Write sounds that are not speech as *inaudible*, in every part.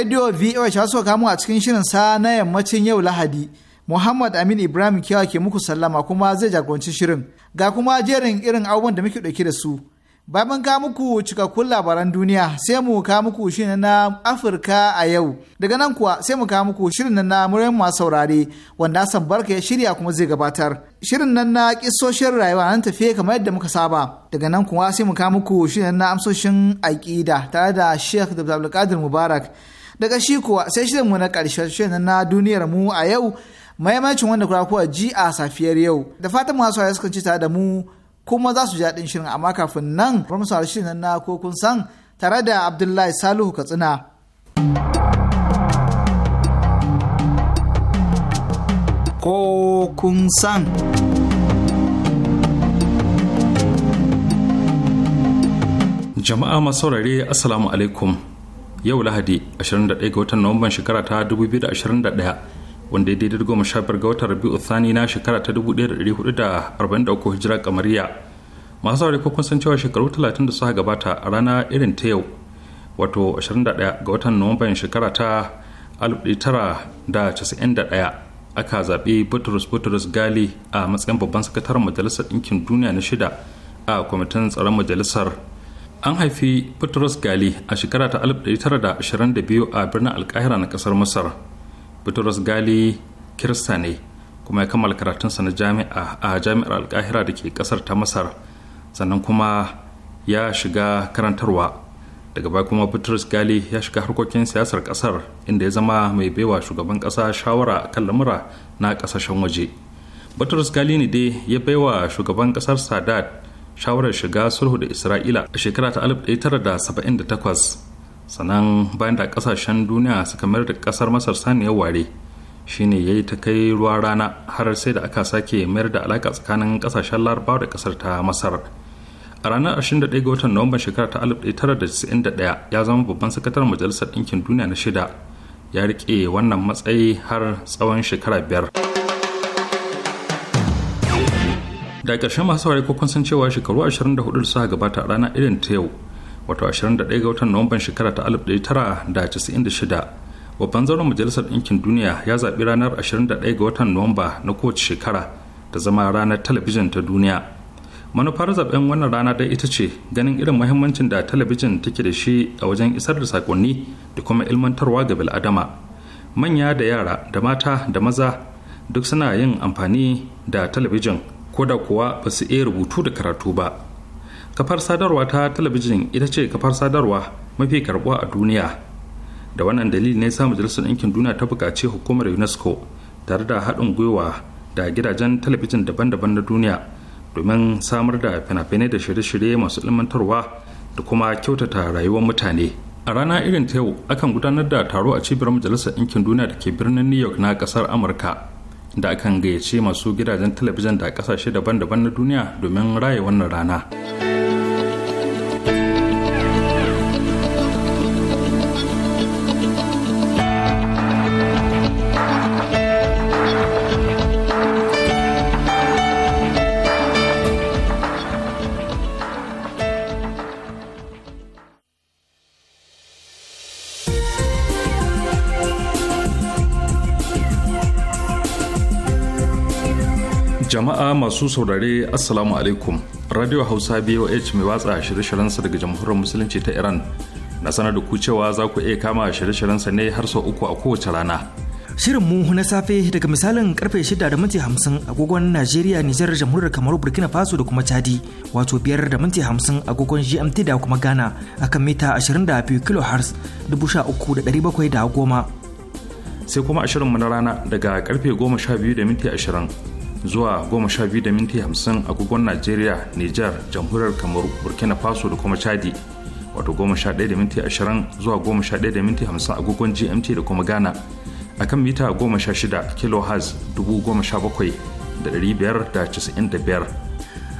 radio voh ta so kamu a cikin shirin sa na yammacin yau lahadi muhammad amin ibrahim kiyawa ke muku sallama kuma zai jagoranci shirin ga kuma jerin irin abubuwan da muke ɗauke da su mun ka muku cikakkun labaran duniya sai mu ka muku shirin na afirka a yau daga nan kuwa sai mu ka muku shirin na muryar masu saurare wanda hassan barka ya shirya kuma zai gabatar shirin nan na kisoshin rayuwa nan tafiye kamar yadda muka saba daga nan kuwa sai mu ka muku shirin na amsoshin aƙida tare da sheikh da abdulkadir mubarak daga shi kuwa sai shirin mu na karshe na duniyar mu a yau maimacin wanda kura kuwa ji a safiyar yau da fatan masu haya sukan ci da mu kuma za su ji daɗin shirin amma kafin nan bar mu saurari shirin na ko kun san tare da Abdullahi Salihu Katsina. Ko kun san. Jama'a masaurare Assalamu alaikum. yau lahadi 21 ga watan nuwamban shekara ta 2021 wanda ya daidai goma sha biyar ga watan rabi'u thani na shekara ta 1443 hijira kamariya masu saurari ko kun san cewa shekaru 30 da suka gabata a rana irin ta yau wato 21 ga watan nuwamban shekara ta 1991 aka zaɓi butrus butrus gali a matsayin babban sakataren majalisar ɗinkin duniya na shida a kwamitin tsaron majalisar an haifi Petrus Gali a shekara ta 1922 a birnin Alkahira na kasar Masar. Petrus Gali kirista ne kuma ya kammala karatunsa na jami'a a jami'ar Alkahira da ke kasar ta Masar sannan kuma ya shiga karantarwa. Daga baya kuma Petrus Gali ya shiga harkokin siyasar kasar inda ya zama mai baiwa shugaban kasa shawara kan lamura na kasashen waje. Petrus Gali ne dai ya baiwa shugaban kasar Sadat shawarar shiga sulhu da isra'ila a shekara ta 1978 sannan bayan da kasashen duniya suka mayar da kasar masar saniyar ware shine ya yi ta kai ruwa rana har sai da aka sake mayar da alaka tsakanin kasashen larabawa da kasar ta masar a ranar 21 ga watan nuwamban shekara ta 1991 ya zama babban sakatar majalisar ɗinkin duniya na shida ya rike wannan matsayi har tsawon shekara biyar. da ƙarshen masu saurari ko san cewa shekaru 24 da suka gabata rana irin ta yau wato 21 ga watan nuwamban shekara ta 1996 babban zauren majalisar ɗinkin duniya ya zaɓi ranar 21 ga watan nuwamba na kowace shekara ta zama ranar talabijin ta duniya manufar zaben wannan rana dai ita ce ganin irin muhimmancin da talabijin take da shi a wajen isar da sakonni da kuma ilmantarwa ga bil'adama manya da yara da mata da maza duk suna yin amfani da talabijin ko da kuwa ba su iya rubutu da karatu ba kafar sadarwa ta talabijin ita ce kafar sadarwa mafi karbuwa a duniya da wannan dalili ne sa majalisar ɗinkin duniya ta buƙaci hukumar unesco tare da haɗin gwiwa da gidajen talabijin daban-daban na duniya domin samar da fina-finai da shirye-shirye masu ilmantarwa da kuma kyautata rayuwar mutane a rana irin ta yau akan gudanar da taro a cibiyar majalisar ɗinkin duniya da ke birnin new york na ƙasar amurka da akan gayyace masu gidajen talabijin da kasashe daban-daban na duniya domin raye wannan rana. jama'a masu saurare assalamu alaikum radio hausa boh mai watsa shirye shiryen sa daga jamhuriyar musulunci ta iran na sanar da ku cewa za ku iya kama shirye shiryen sa ne har sau uku a kowace rana shirin mu na safe daga misalin karfe shida da minti 50 agogon najeriya nijar jamhuriyar kamaru burkina faso da kuma chadi wato biyar da minti 50 agogon gmt da kuma ghana akan mita 22 kilohertz 13710 sai kuma shirinmu na rana daga karfe goma sha biyu da minti ashirin. zuwa 12 da minti 50 agogon Najeriya, Nijar, Jamhuriyar Kamaru, Burkina Faso da kuma Chadi. Wato 11 da minti 20 zuwa 11 da minti 50 agogon GMT da kuma Ghana. A kan mita 16 kHz 17,595.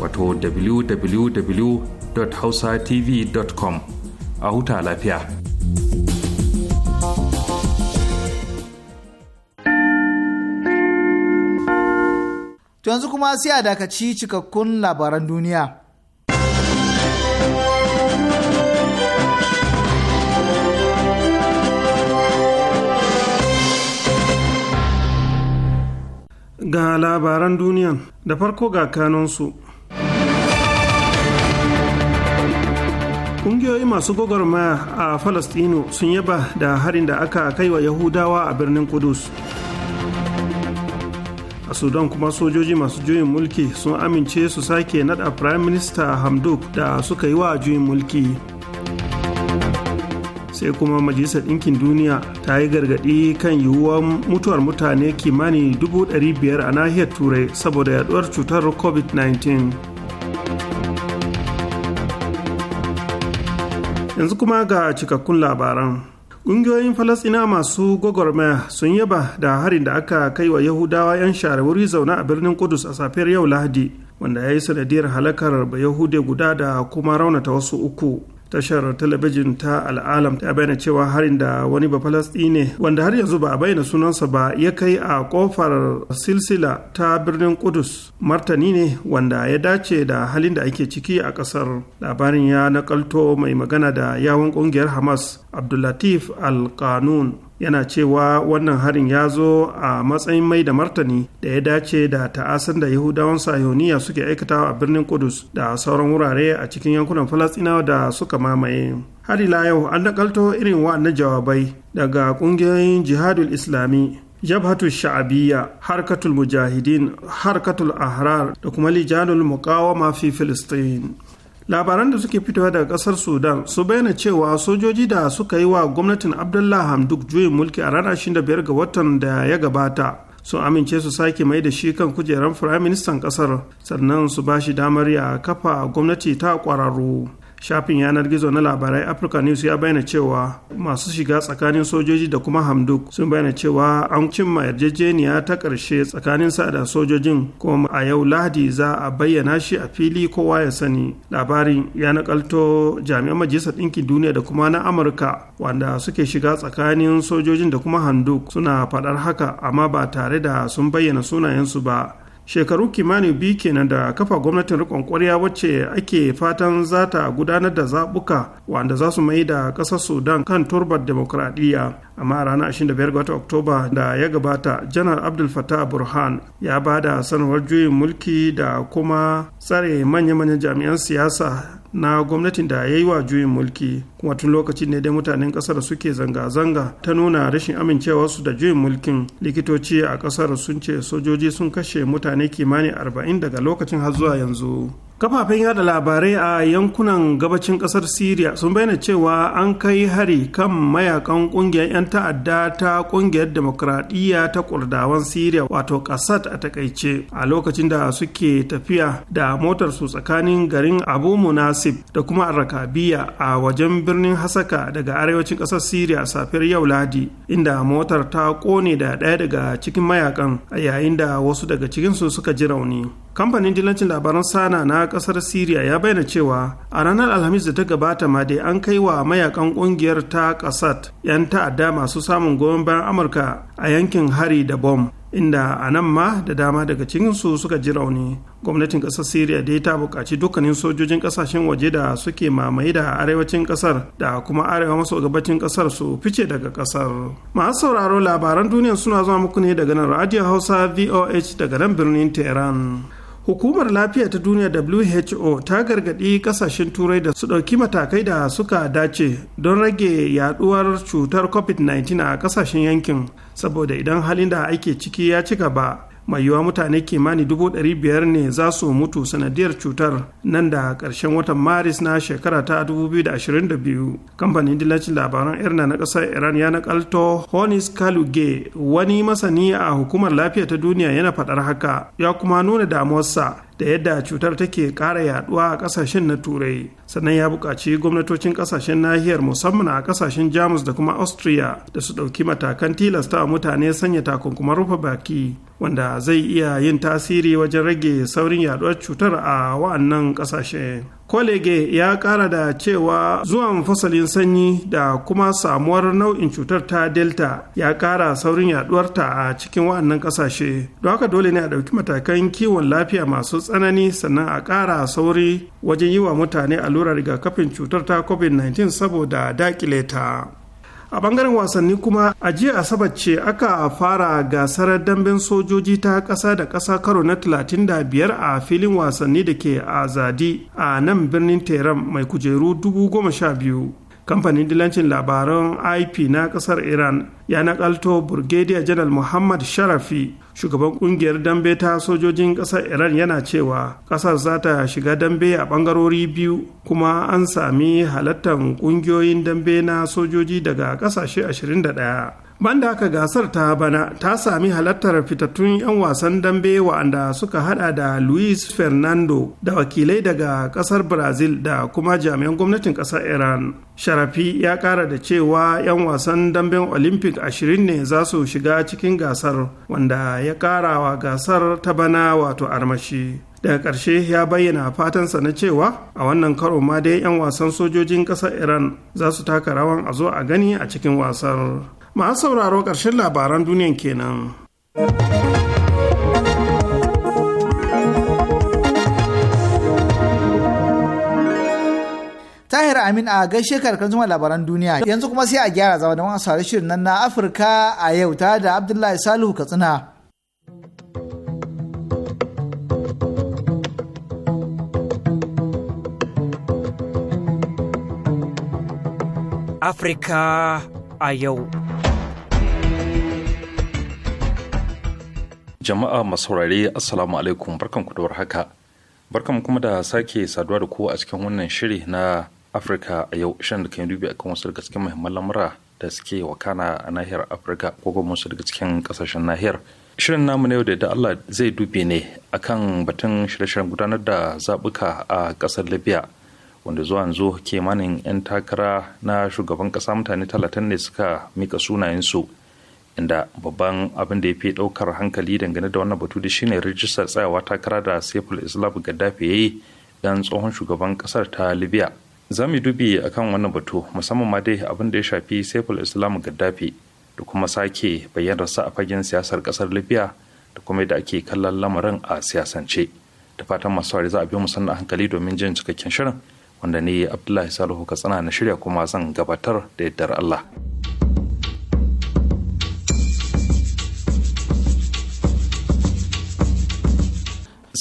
wato www.hausatv.com a huta lafiya. yanzu kuma sai a dakaci cikakkun labaran duniya. Ga labaran duniyan da farko ga kanonsu Ƙungiyoyi masu gwagwarmaya a Falastinu sun yaba da harin da aka kai wa Yahudawa a birnin Kudus. A Sudan kuma sojoji masu juyin mulki sun amince su sake nada Prime Minister Hamdok da suka yi wa juyin mulki. Sai kuma Majalisar Ɗinkin Duniya ta yi gargaɗi kan yiwuwar mutuwar mutane kimanin 500,000 a nahiyar Turai saboda yaduwar cutar COVID-19. yanzu kuma ga cikakkun labaran ƙungiyoyin falasina masu gwagwarmaya sun yaba da harin da aka kai wa yahudawa 'yan share wuri zaune a birnin kudus a safiyar yau lahadi wanda ya yi sanadiyar halakar bayahude guda da kuma raunata wasu uku tashar talabijin ta al'alam ta bayyana cewa harin da wani ba ne wanda har yanzu ba a bayyana sunansa ba ya kai a kofar silsila ta birnin kudus martani ne wanda ya dace da halin da ake ciki a kasar labarin ya nakalto mai magana da yawon kungiyar hamas abdullatif al-kanun yana cewa wannan harin ya zo a matsayin mai da martani da ya dace da ta'asan da yahudawan sayoniya suke aikatawa a birnin kudus da sauran wurare a cikin yankunan falastinawa da suka mamaye har ila yau an nakalto irin wa'annan jawabai daga ƙungiyoyin jihadul islami jabhatu sha'abiyya harkatul mujahidin harkatul ahrar da kuma lijanul muqawama fi filistin labaran da suke fitowa daga kasar sudan su bayyana cewa sojoji da suka yi wa gwamnatin abdullah hamduk juyin mulki a ranar 25 ga watan da ya gabata sun amince su sake mai da shi kan kujeran ministan kasar sannan su bashi shi damar ya kafa gwamnati ta kwararru shafin yanar gizo na labarai africa news ya bayyana cewa masu shiga tsakanin sojoji da kuma hamduk sun bayyana cewa an cimma yarjejeniya ta karshe tsakanin sa da sojojin kuma a yau lahadi za a bayyana shi a fili kowa ya sani labarin ya nakalto jami'an majalisar ɗinkin duniya da kuma na amurka wanda suke shiga tsakanin sojojin da kuma hamduk suna faɗar haka amma ba tare da sun bayyana sunayensu ba shekaru kimanin biyu kenan da kafa gwamnatin rikon kwarya wacce ake fatan za ta gudanar da zaɓuka wanda za su mai da ƙasar sudan kan turbar demokradiyya amma a ranar 25 ga oktoba da ya gabata janar abdul fattah burhan ya ba da sanarwar juyin mulki da kuma tsare manya-manyan jami'an siyasa na gwamnatin da ya yi wa juyin mulki kuma tun lokacin ne dai mutanen kasar suke zanga-zanga ta nuna rashin amincewarsu da juyin mulkin likitoci a kasar sun ce sojoji sun kashe mutane kimanin arba'in daga lokacin har zuwa yanzu kafafen yada labarai a yankunan gabacin kasar syria sun bayyana cewa an kai hari kan mayakan kungiyar 'yan ta'adda ta kungiyar demokradiyya ta kurdawan syria wato kasat a takaice a lokacin da suke tafiya da motar su tsakanin garin abu munasib da kuma arakabiya a wajen birnin hasaka daga arewacin kasar syria safiyar yau ladi inda motar ta kone da ɗaya daga cikin mayakan a yayin da wasu daga cikinsu suka ji rauni kamfanin dilancin labaran sana na kasar syria ya bayyana cewa a ranar alhamis da ta gabata ma dai an kai wa mayakan kungiyar ta kasat 'yan ta'adda masu samun goyon bayan amurka a yankin hari da bom inda a nan ma da dama daga cikinsu suka ji rauni gwamnatin kasar syria dai ta buƙaci dukkanin sojojin kasashen waje da suke mamaye da arewacin kasar da kuma arewa maso gabacin kasar su fice daga kasar masu sauraro labaran duniya suna zuwa muku ne daga nan radio hausa voh daga nan birnin tehran hukumar lafiya ta duniya who ta gargaɗi ƙasashen turai da su ɗauki matakai da suka dace don rage yaduwar cutar covid-19 a ƙasashen yankin saboda idan halin da ake ciki ya ci gaba mai yiwuwa mutane kimani dubu ɗari biyar ne za su mutu sanadiyar cutar nan da ƙarshen watan maris na shekara ta 2022 kamfanin dillacin labaran irna na ƙasar iran ya nakalto honis kaluge wani masani a hukumar lafiya ta duniya yana faɗar haka ya kuma nuna damuwarsa da yadda cutar take kara yaduwa a kasashen na turai sannan ya buƙaci gwamnatocin kasashen nahiyar musamman a kasashen jamus da kuma austria da su ɗauki matakan tilasta mutane sanya takunkuman rufe baki wanda zai iya yin tasiri wajen rage saurin yaduwar cutar a wa'annan kasashen. kwalege ya kara da cewa zuwan fasalin sanyi da kuma samuwar nau'in cutar ta delta ya kara saurin yaduwarta a cikin wa'annan kasashe don haka dole ne a ɗauki matakan kiwon lafiya masu tsanani sannan a kara sauri wajen yi wa mutane allurar rigakafin cutar ta covid-19 saboda dakile ta a bangaren wasanni kuma a jiya asabar ce aka fara gasar damben sojoji ta ƙasa da ƙasa karo na 35 a filin wasanni da ke azadi a nan birnin teram mai kujeru 12,000 kamfanin dilancin labaran ip na kasar iran ya nakalto brigadier janar muhammad sharafi shugaban kungiyar dambe ta sojojin kasar iran yana cewa kasar za ta shiga dambe a bangarori biyu kuma an sami halattar kungiyoyin dambe na sojoji daga kasashe 21 banda haka gasar ta bana ta sami halartar fitattun 'yan wasan dambe wa'anda suka hada da luis fernando da wakilai daga kasar brazil da kuma jami'an gwamnatin kasar iran sharafi ya kara da cewa 'yan wasan damben olympic 20 ne za su shiga cikin gasar wanda ya kara wa gasar ta bana wato armashi daga ƙarshe ya bayyana fatansa na cewa a wannan karo ma dai 'yan wasan sojojin ƙasar iran za su taka rawan a zo a gani a cikin wasar masu sauraro ƙarshen labaran duniyan kenan. Tahir Amin a gaishe karkar zuma labaran duniya yanzu kuma sai a gyara zama da wani sauri shirin nan na Afirka a yau ta da Abdullahi Salihu Katsina. Afirka a yau. Jama'a masaurare Assalamu alaikum barkan ku da haka. Barkan kuma da sake saduwa da ku a cikin wannan shiri na Afirka a yau shirin da kan dubi akan wasu daga cikin muhimman lamura da suke wakana a nahiyar Afirka ko kuma wasu daga cikin kasashen nahiyar. Shirin namu na yau da Allah zai dube ne akan batun shirye-shiryen gudanar da zabuka a ƙasar Libya wanda zuwa yanzu kimanin 'yan takara na shugaban ƙasa mutane talatin ne suka mika sunayensu inda babban abin da ya fi daukar hankali dangane da wannan batu da shine rijistar tsayawa takara da saiful islam gaddafi ya yi dan tsohon shugaban kasar ta libya za mu dubi akan wannan batu musamman ma dai abin da ya shafi saiful islam gaddafi da kuma sake bayyanarsa a fagen siyasar kasar libya da kuma yadda ake kallon lamarin a siyasance da fatan masu saurari za a bi mu musamman hankali domin jin cikakken shirin wanda ne abdullahi salihu katsina na shirya kuma zan gabatar da yaddar allah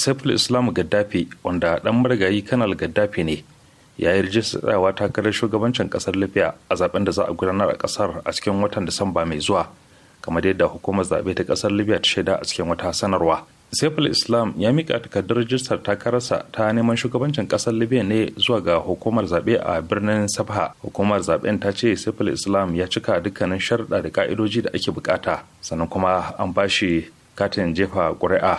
saiful islam gaddafi wanda dan marigayi kanal gaddafi ne ya yi rijistarawa takarar shugabancin kasar libya a zaben da za a gudanar a kasar a cikin watan disamba mai zuwa kamar yadda hukumar zaɓe ta kasar libya ta shaida a cikin wata sanarwa saiful islam ya mika takardar rijistar takararsa ta neman shugabancin kasar libya ne zuwa ga hukumar zaɓe a birnin sabha hukumar zaɓen ta ce saiful islam ya cika dukkanin sharuɗa da ka'idoji da ake bukata sannan kuma an bashi katin jefa ƙuri'a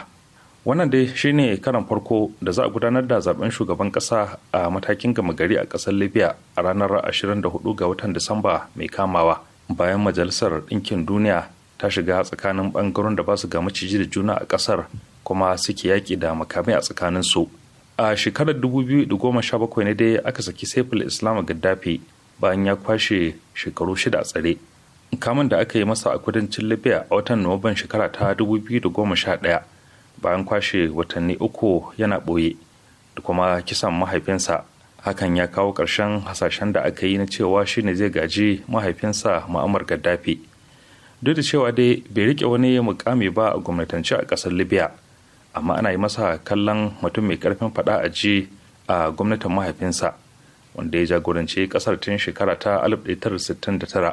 wannan dai shine karan farko da za a gudanar da zaben shugaban kasa a matakin gama gari a kasar libya a ranar 24 ga watan disamba mai kamawa bayan majalisar ɗinkin duniya ta shiga tsakanin ɓangaren da ba su ga maciji da juna a ƙasar kuma suke yaƙi da makamai a tsakanin su a shekarar 2017 ne dai aka saki saiful islam gaddafi bayan ya kwashe shekaru shida a tsare kamun da aka yi masa a kudancin libya a watan nuwamban shekara ta 2011 bayan kwashe watanni uku yana ɓoye da kuma kisan mahaifinsa hakan ya kawo ƙarshen hasashen da aka yi na cewa shine zai gaji mahaifinsa ma'amar gaddafi duk da cewa dai bai rike wani mukami ba a gwamnatance a ƙasar libya amma ana yi masa kallon mutum mai ƙarfin faɗa a ji a gwamnatin mahaifinsa wanda ya jagoranci ƙasar tun shekara ta 1969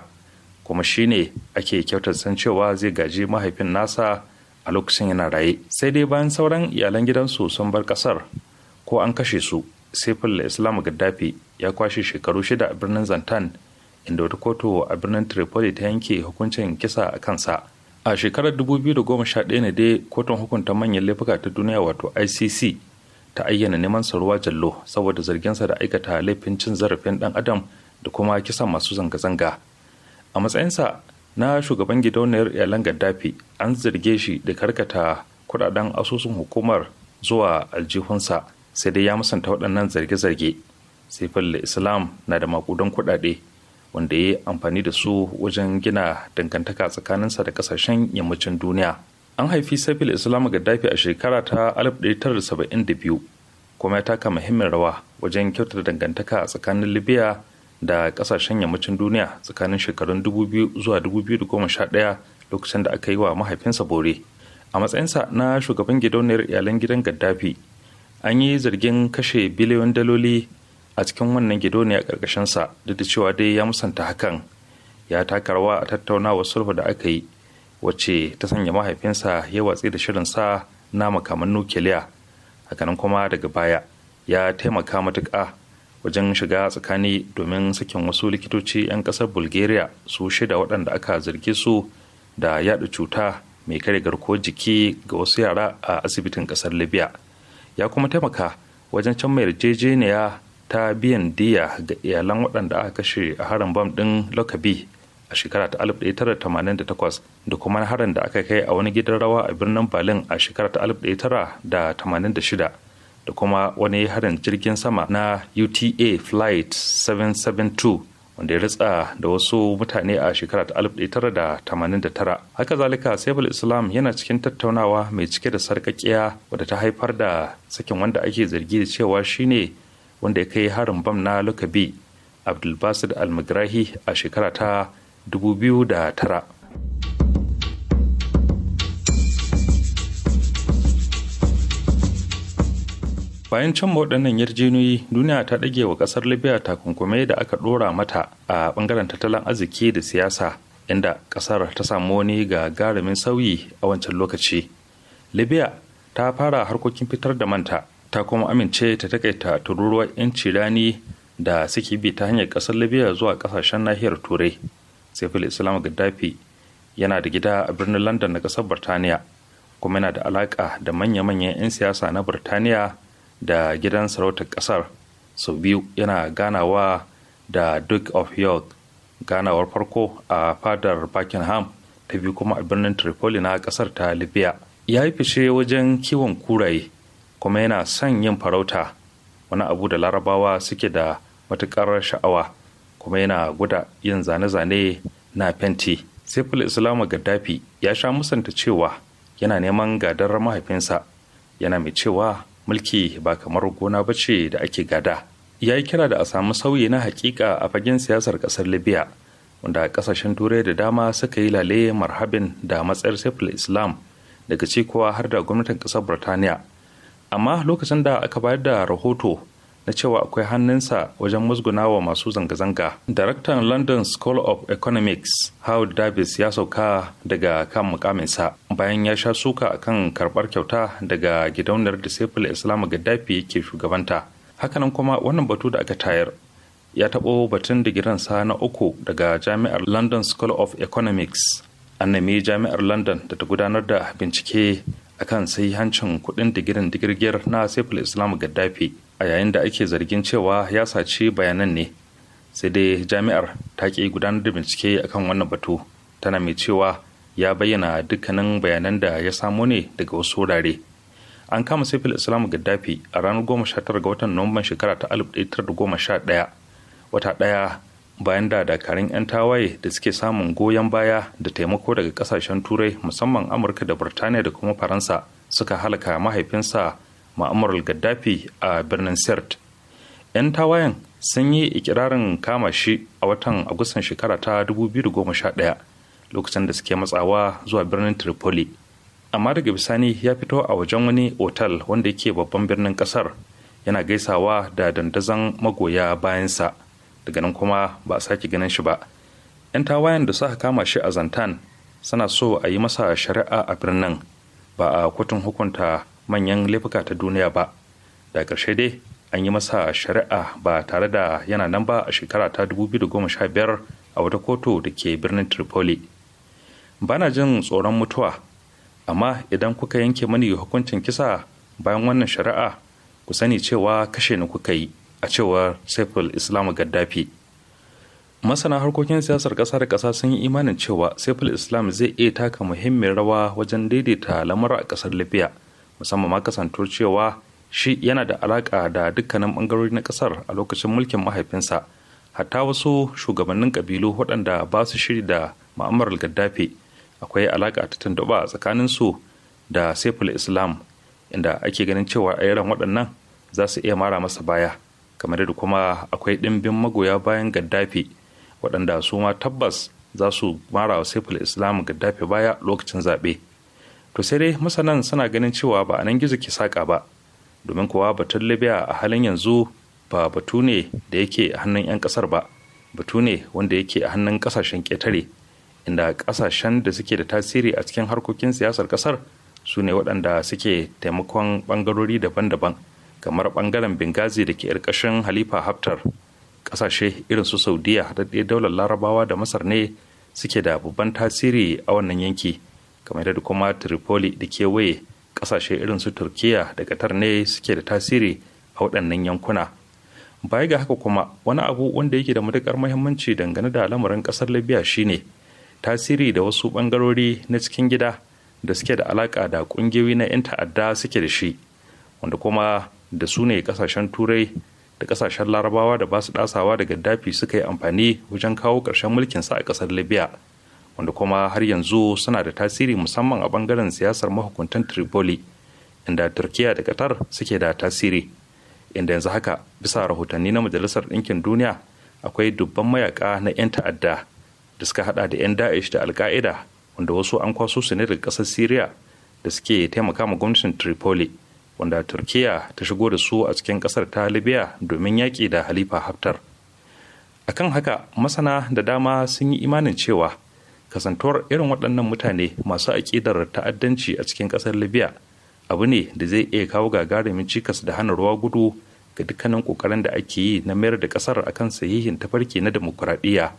kuma shine ake kyautar san cewa zai gaji mahaifin nasa a lokacin yana raye sai dai bayan sauran iyalan gidansu sun bar kasar ko an kashe su saifullah islam gaddafi ya kwashe shekaru shida a birnin zantan inda wata kotu a birnin tripoli ta yanke hukuncin kisa a kansa a shekarar 2011 ne dai kotun hukunta manyan laifuka ta duniya wato icc ta ayyana neman saruwa jallo saboda zargensa da aikata laifin cin zarafin dan adam da kuma kisan masu zanga-zanga a matsayinsa na shugaban gidauniyar iyalan gaddafi an zarge shi da karkata kudaden asusun hukumar zuwa aljihunsa sai dai ya musanta waɗannan zarge-zarge saiful islam na da makudan kudade wanda ya yi amfani da su wajen gina dangantaka tsakaninsa da kasashen yammacin duniya an haifi sifil islam gaddafi a shekara ta 1972 kuma ya taka muhimmin rawa wajen kyautata dangantaka tsakanin libya da kasashen yammacin duniya tsakanin shekarun 2000 zuwa 2011 lokacin da aka yi wa mahaifinsa bore a matsayinsa na shugaban gidauniyar iyalan gidan gaddafi an yi zargin kashe biliyon daloli a cikin wannan gidauniya ƙarƙashinsa duk da cewa dai ya musanta hakan ya taka rawa a tattaunawa sulhu da aka yi wacce ta sanya mahaifinsa ya watsi da shirin sa na makaman nukiliya hakanan kuma daga baya ya taimaka matuƙa wajen shiga tsakani domin sakin wasu likitoci 'yan kasar bulgaria su shida waɗanda aka zargi su da yaɗa cuta mai kare garkuwar jiki ga wasu yara a asibitin ƙasar libya ya kuma taimaka wajen can mai yarjejeniya ta biyan diya ga iyalan waɗanda aka kashe a harin bam ɗin lokabi a shekara ta 1988 da kuma harin da aka kai a wani gidan rawa a birnin berlin a shekara ta 1986 da kuma wani harin jirgin sama na uta flight 772 wanda ya ritsa da wasu mutane a shekarar 1989 haka zalika saiful islam yana cikin tattaunawa mai cike da sarkakiya wadda ta haifar da sakin wanda ake zargi da cewa shine wanda ya kai harin bam na lokabi abdulbasid almagrahi a shekara ta 2009 bayan can waɗannan yarjejeniyoyi duniya ta ɗage wa ƙasar libya takunkumai da aka ɗora mata a ɓangaren tattalin arziki da siyasa inda ƙasar ta samu wani ga garamin sauyi a wancan lokaci libya ta fara harkokin fitar da manta ta kuma amince ta takaita tururuwar 'yanci rani da suke bi ta hanyar ƙasar libya zuwa ƙasashen nahiyar turai saiful islam gaddafi yana da gida a birnin london na ƙasar birtaniya kuma yana da alaƙa da manya-manyan 'yan siyasa na birtaniya da gidan sarautar ƙasar sau biyu yana ganawa da duke of york ganawar farko a fadar buckingham ta biyu kuma a birnin tripoli na ƙasar ta libya ya yi fice wajen kiwon kuraye kuma yana son yin farauta wani abu da larabawa suke da matuƙar sha'awa kuma yana guda yin zane-zane na fenti saiful islamu gaddafi ya sha musanta cewa yana neman gadar mahaifinsa yana mai cewa mulki ba kamar gona ba ce da ake gada ya yi kira da a samu sauyi na hakika a fagen siyasar kasar libya wanda kasashen turai da dama suka yi lale marhabin da matsayar saiful islam daga cikowa har da gwamnatin kasar birtaniya amma lokacin da aka bayar da rahoto na cewa akwai hannunsa wajen musgunawa masu zanga-zanga. Daraktan London School of Economics Howard Davis ya sauka daga kan mukaminsa bayan ya sha suka a kan karbar kyauta daga gidauniyar Disciple Islam Gaddafi ke shugabanta. Hakanan kuma wannan batu da aka tayar ya taɓo batun digiransa na uku daga Jami'ar London School of Economics. An Jami'ar London da ta gudanar da bincike akan sai hancin kudin digirin digirgiyar na Saiful Islam Gaddafi. a yayin da ake zargin cewa ya saci bayanan ne sai dai jami'ar ta ke gudanar da bincike a kan wannan batu tana mai cewa ya bayyana dukkanin bayanan da ya samo ne daga wasu wurare an kama sifil islam gaddafi a ranar tara ga watan nuwamban shekara ta goma sha 1911 wata ɗaya bayan da dakarun 'yan tawaye da suke samun goyon baya da taimako daga kasashen turai musamman amurka da burtaniya da kuma faransa suka halaka mahaifinsa ma'amar gaddafi a birnin sirt 'yan tawayen sun yi ikirarin kama shi a watan agustan shekara ta 2011 lokacin da suke matsawa zuwa birnin tripoli amma daga bisani ya fito a wajen wani otal wanda yake babban birnin kasar yana gaisawa da dandazon magoya bayansa daga nan kuma ba a sake ganin shi ba 'yan tawayen da suka kama shi a zantan suna so a yi masa shari'a a birnin ba a kotun hukunta manyan laifuka ta duniya ba da ƙarshe dai an yi masa shari'a ba tare da yana nan ba a shekara ta 2015 a wata kotu da ke birnin tripoli bana jin tsoron mutuwa amma idan kuka yanke mani hukuncin kisa bayan wannan shari'a ku sani cewa kashe ni kuka yi a cewar saiful islam gaddafi masana harkokin siyasar ƙasa da ƙasa sun yi imanin cewa saiful islam zai iya taka muhimmin rawa wajen daidaita lamura a ƙasar libya musamman ma kasantuwar cewa shi yana da alaƙa da dukkanin ɓangarori na ƙasar a lokacin mulkin mahaifinsa hatta wasu shugabannin ƙabilu waɗanda ba su shiri da ma'amarar gaddafi akwai alaƙa ta tuntuɓa tsakanin su da saiful islam inda ake ganin cewa a yaran waɗannan za su iya mara masa baya kamar da kuma akwai ɗimbin magoya bayan gaddafi waɗanda su ma tabbas za su mara wa saiful islam gaddafi baya lokacin zaɓe to sai dai masanan suna ganin cewa ba a nan gizo ke saƙa ba domin kuwa batun libya a halin yanzu ba batu ne da yake a hannun 'yan ƙasar ba batu ne wanda yake a hannun ƙasashen ƙetare inda ƙasashen da suke da tasiri a cikin harkokin siyasar ƙasar su ne waɗanda suke taimakon ɓangarori daban-daban kamar ɓangaren bengazi da ke ƙarƙashin halifa haftar ƙasashe irin su saudiya haɗaɗɗe daular larabawa da masar ne suke da babban tasiri a wannan yanki kamar da kuma tripoli da kewaye kasashe irin su turkiya da qatar ne suke da tasiri a waɗannan yankuna baya ga haka kuma wani abu wanda yake da matuƙar muhimmanci dangane da lamarin ƙasar libya shine tasiri da wasu ɓangarori na cikin gida da suke da alaƙa da ƙungiyoyi na 'yan ta'adda suke da shi wanda kuma da su ne ƙasashen turai da ƙasashen larabawa da basu ɗasawa da gaddafi suka yi amfani wajen kawo ƙarshen mulkinsa a ƙasar libya wanda kuma har yanzu suna da tasiri musamman a bangaren siyasar mahukuntan tripoli inda turkiya da qatar suke da tasiri inda yanzu haka bisa rahotanni na majalisar ɗinkin duniya akwai dubban mayaka na 'yan ta'adda da suka hada da 'yan da'ish da alka'ida wanda wasu an kwaso su ne daga ƙasar syria da suke taimaka ma gwamnatin tripoli wanda turkiya ta shigo da su a cikin ƙasar ta libya domin yaƙi da halifa haftar akan haka masana da dama sun yi imanin cewa kasantuwar irin waɗannan mutane masu aƙidar ta'addanci a cikin ƙasar libya abu ne da zai iya kawo gagarumin cikas da hana ruwa gudu ga dukkanin ƙoƙarin da ake yi na mayar da ƙasar a kan sahihin tafarki na demokuraɗiyya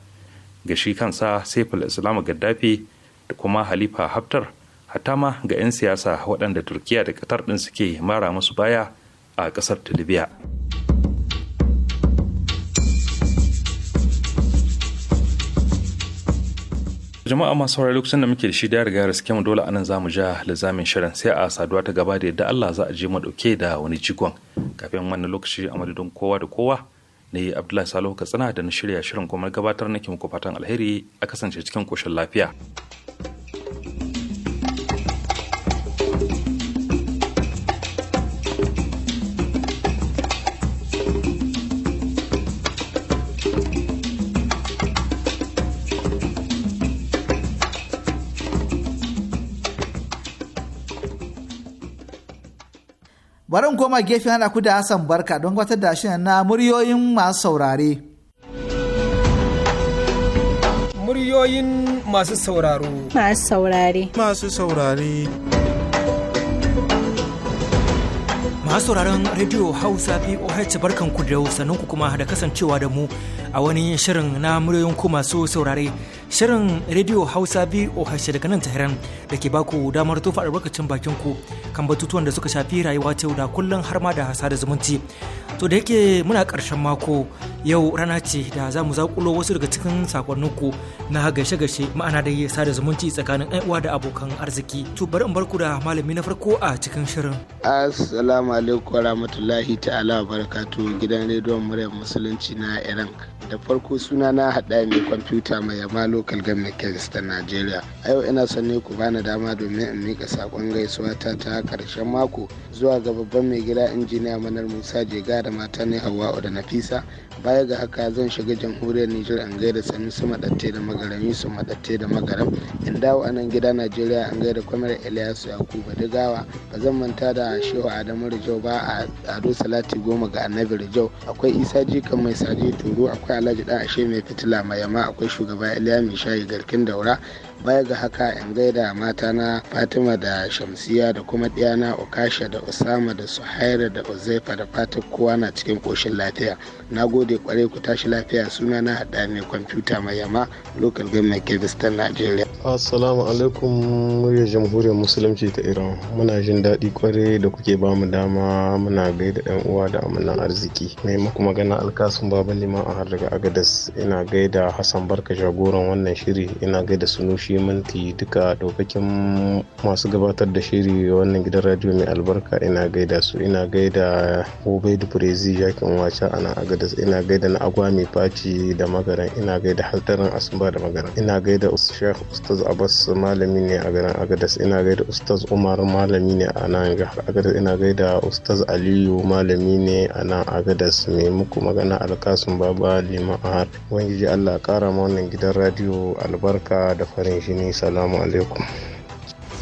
ga shi kansa saiful islam gaddafi da kuma halifa haftar hatta ma ga 'yan siyasa waɗanda turkiya da qatar ɗin suke mara musu baya a ƙasar ta libya jama'a masu saurari lokacin da muke da shi da riga gaske mu dole anan zamu ja lizamin shirin sai a saduwa ta gaba da yadda Allah za a je mu dauke da wani cikon kafin wannan lokaci a madadin kowa da kowa ne Abdullahi Salihu Katsina da na shirya shirin kuma gabatar nake muku fatan alheri a kasance cikin koshin lafiya. zan koma gefen hana ku da Hassan Barka don gwatar da shi na muryoyin masu saurare. Muryoyin masu sauraro. Masu saurare. Masu saurare. Masu sauraron Radio Hausa POH barkanku da sannan ku kuma da kasancewa da mu a wani shirin na muryoyin ku masu saurare. Shirin Radio Hausa BOH daga nan Tahiran da ke baku damar tofa albarkacin bakin ku kan batutuwan da suka shafi rayuwa ta da kullum har ma da sada zumunci. To da yake muna karshen mako yau rana ce da za mu zaƙulo wasu daga cikin sakonninku na gaishe-gaishe ma'ana da yasa da zumunci tsakanin ƴan uwa da abokan arziki. To bari in ku da malami na farko a cikin shirin. Assalamu alaikum wa rahmatullahi ta'ala wa barakatu gidan rediyon muryar musulunci na Iran. Da farko suna na haɗa mai kwamfuta mai yamma local government kebis ta nigeria. A yau ina son ne ku bani dama domin in miƙa saƙon gaisuwa ta ta ƙarshen mako zuwa ga babban mai gida injiniya Manar Musa Jega da mata ne hawa da nafisa baya ga haka zan shiga jamhuriyar nijar an gaida sami su madatte da magarami su madatte da magaram in dawo a nan gida najeriya an gaida kwamar ilyasu yakubu digawa ba zan manta da shehu adamu rijau ba a ado salati goma ga annabi rijau akwai isa jikan mai saji turu akwai alhaji dan ashe mai fitila mai yama akwai shugaba iliya mai shayi garkin daura baya ga haka in gaida matana fatima da shamsiya da kuma diyana okasha da usama da suhaira da uzaifa da fatan kowa na cikin koshin lafiya na gode kwarai ku tashi lafiya suna na haɗa mai kwamfuta mai yama local government kebistan nigeria assalamu alaikum murya jamhuriyar musulunci ta iran muna jin daɗi kwarai da kuke ba mu dama muna gai da ɗan uwa da amanan arziki mai muku magana alkasun babban liman a har daga agadas ina gaida hassan barka jagoran wannan shiri ina gaida sunushi minti duka ɗaukakin masu gabatar da shiri wannan gidan radio mai albarka ina gaida su ina gaida da firezi jakin wacha ana agadas da ina gaida na agwa mai faci da magaran ina gaida haltarin asumba da magaran ina gaida shekh ustaz abbas malami ne a garin agadas ina gaida ustaz umar malami ne a nan agadas ina gaida ustaz aliyu malami ne a nan agadas mai muku magana alkasun baba liman ahar wani allah kara ma wannan gidan radiyo albarka da farin shini salamu alaikum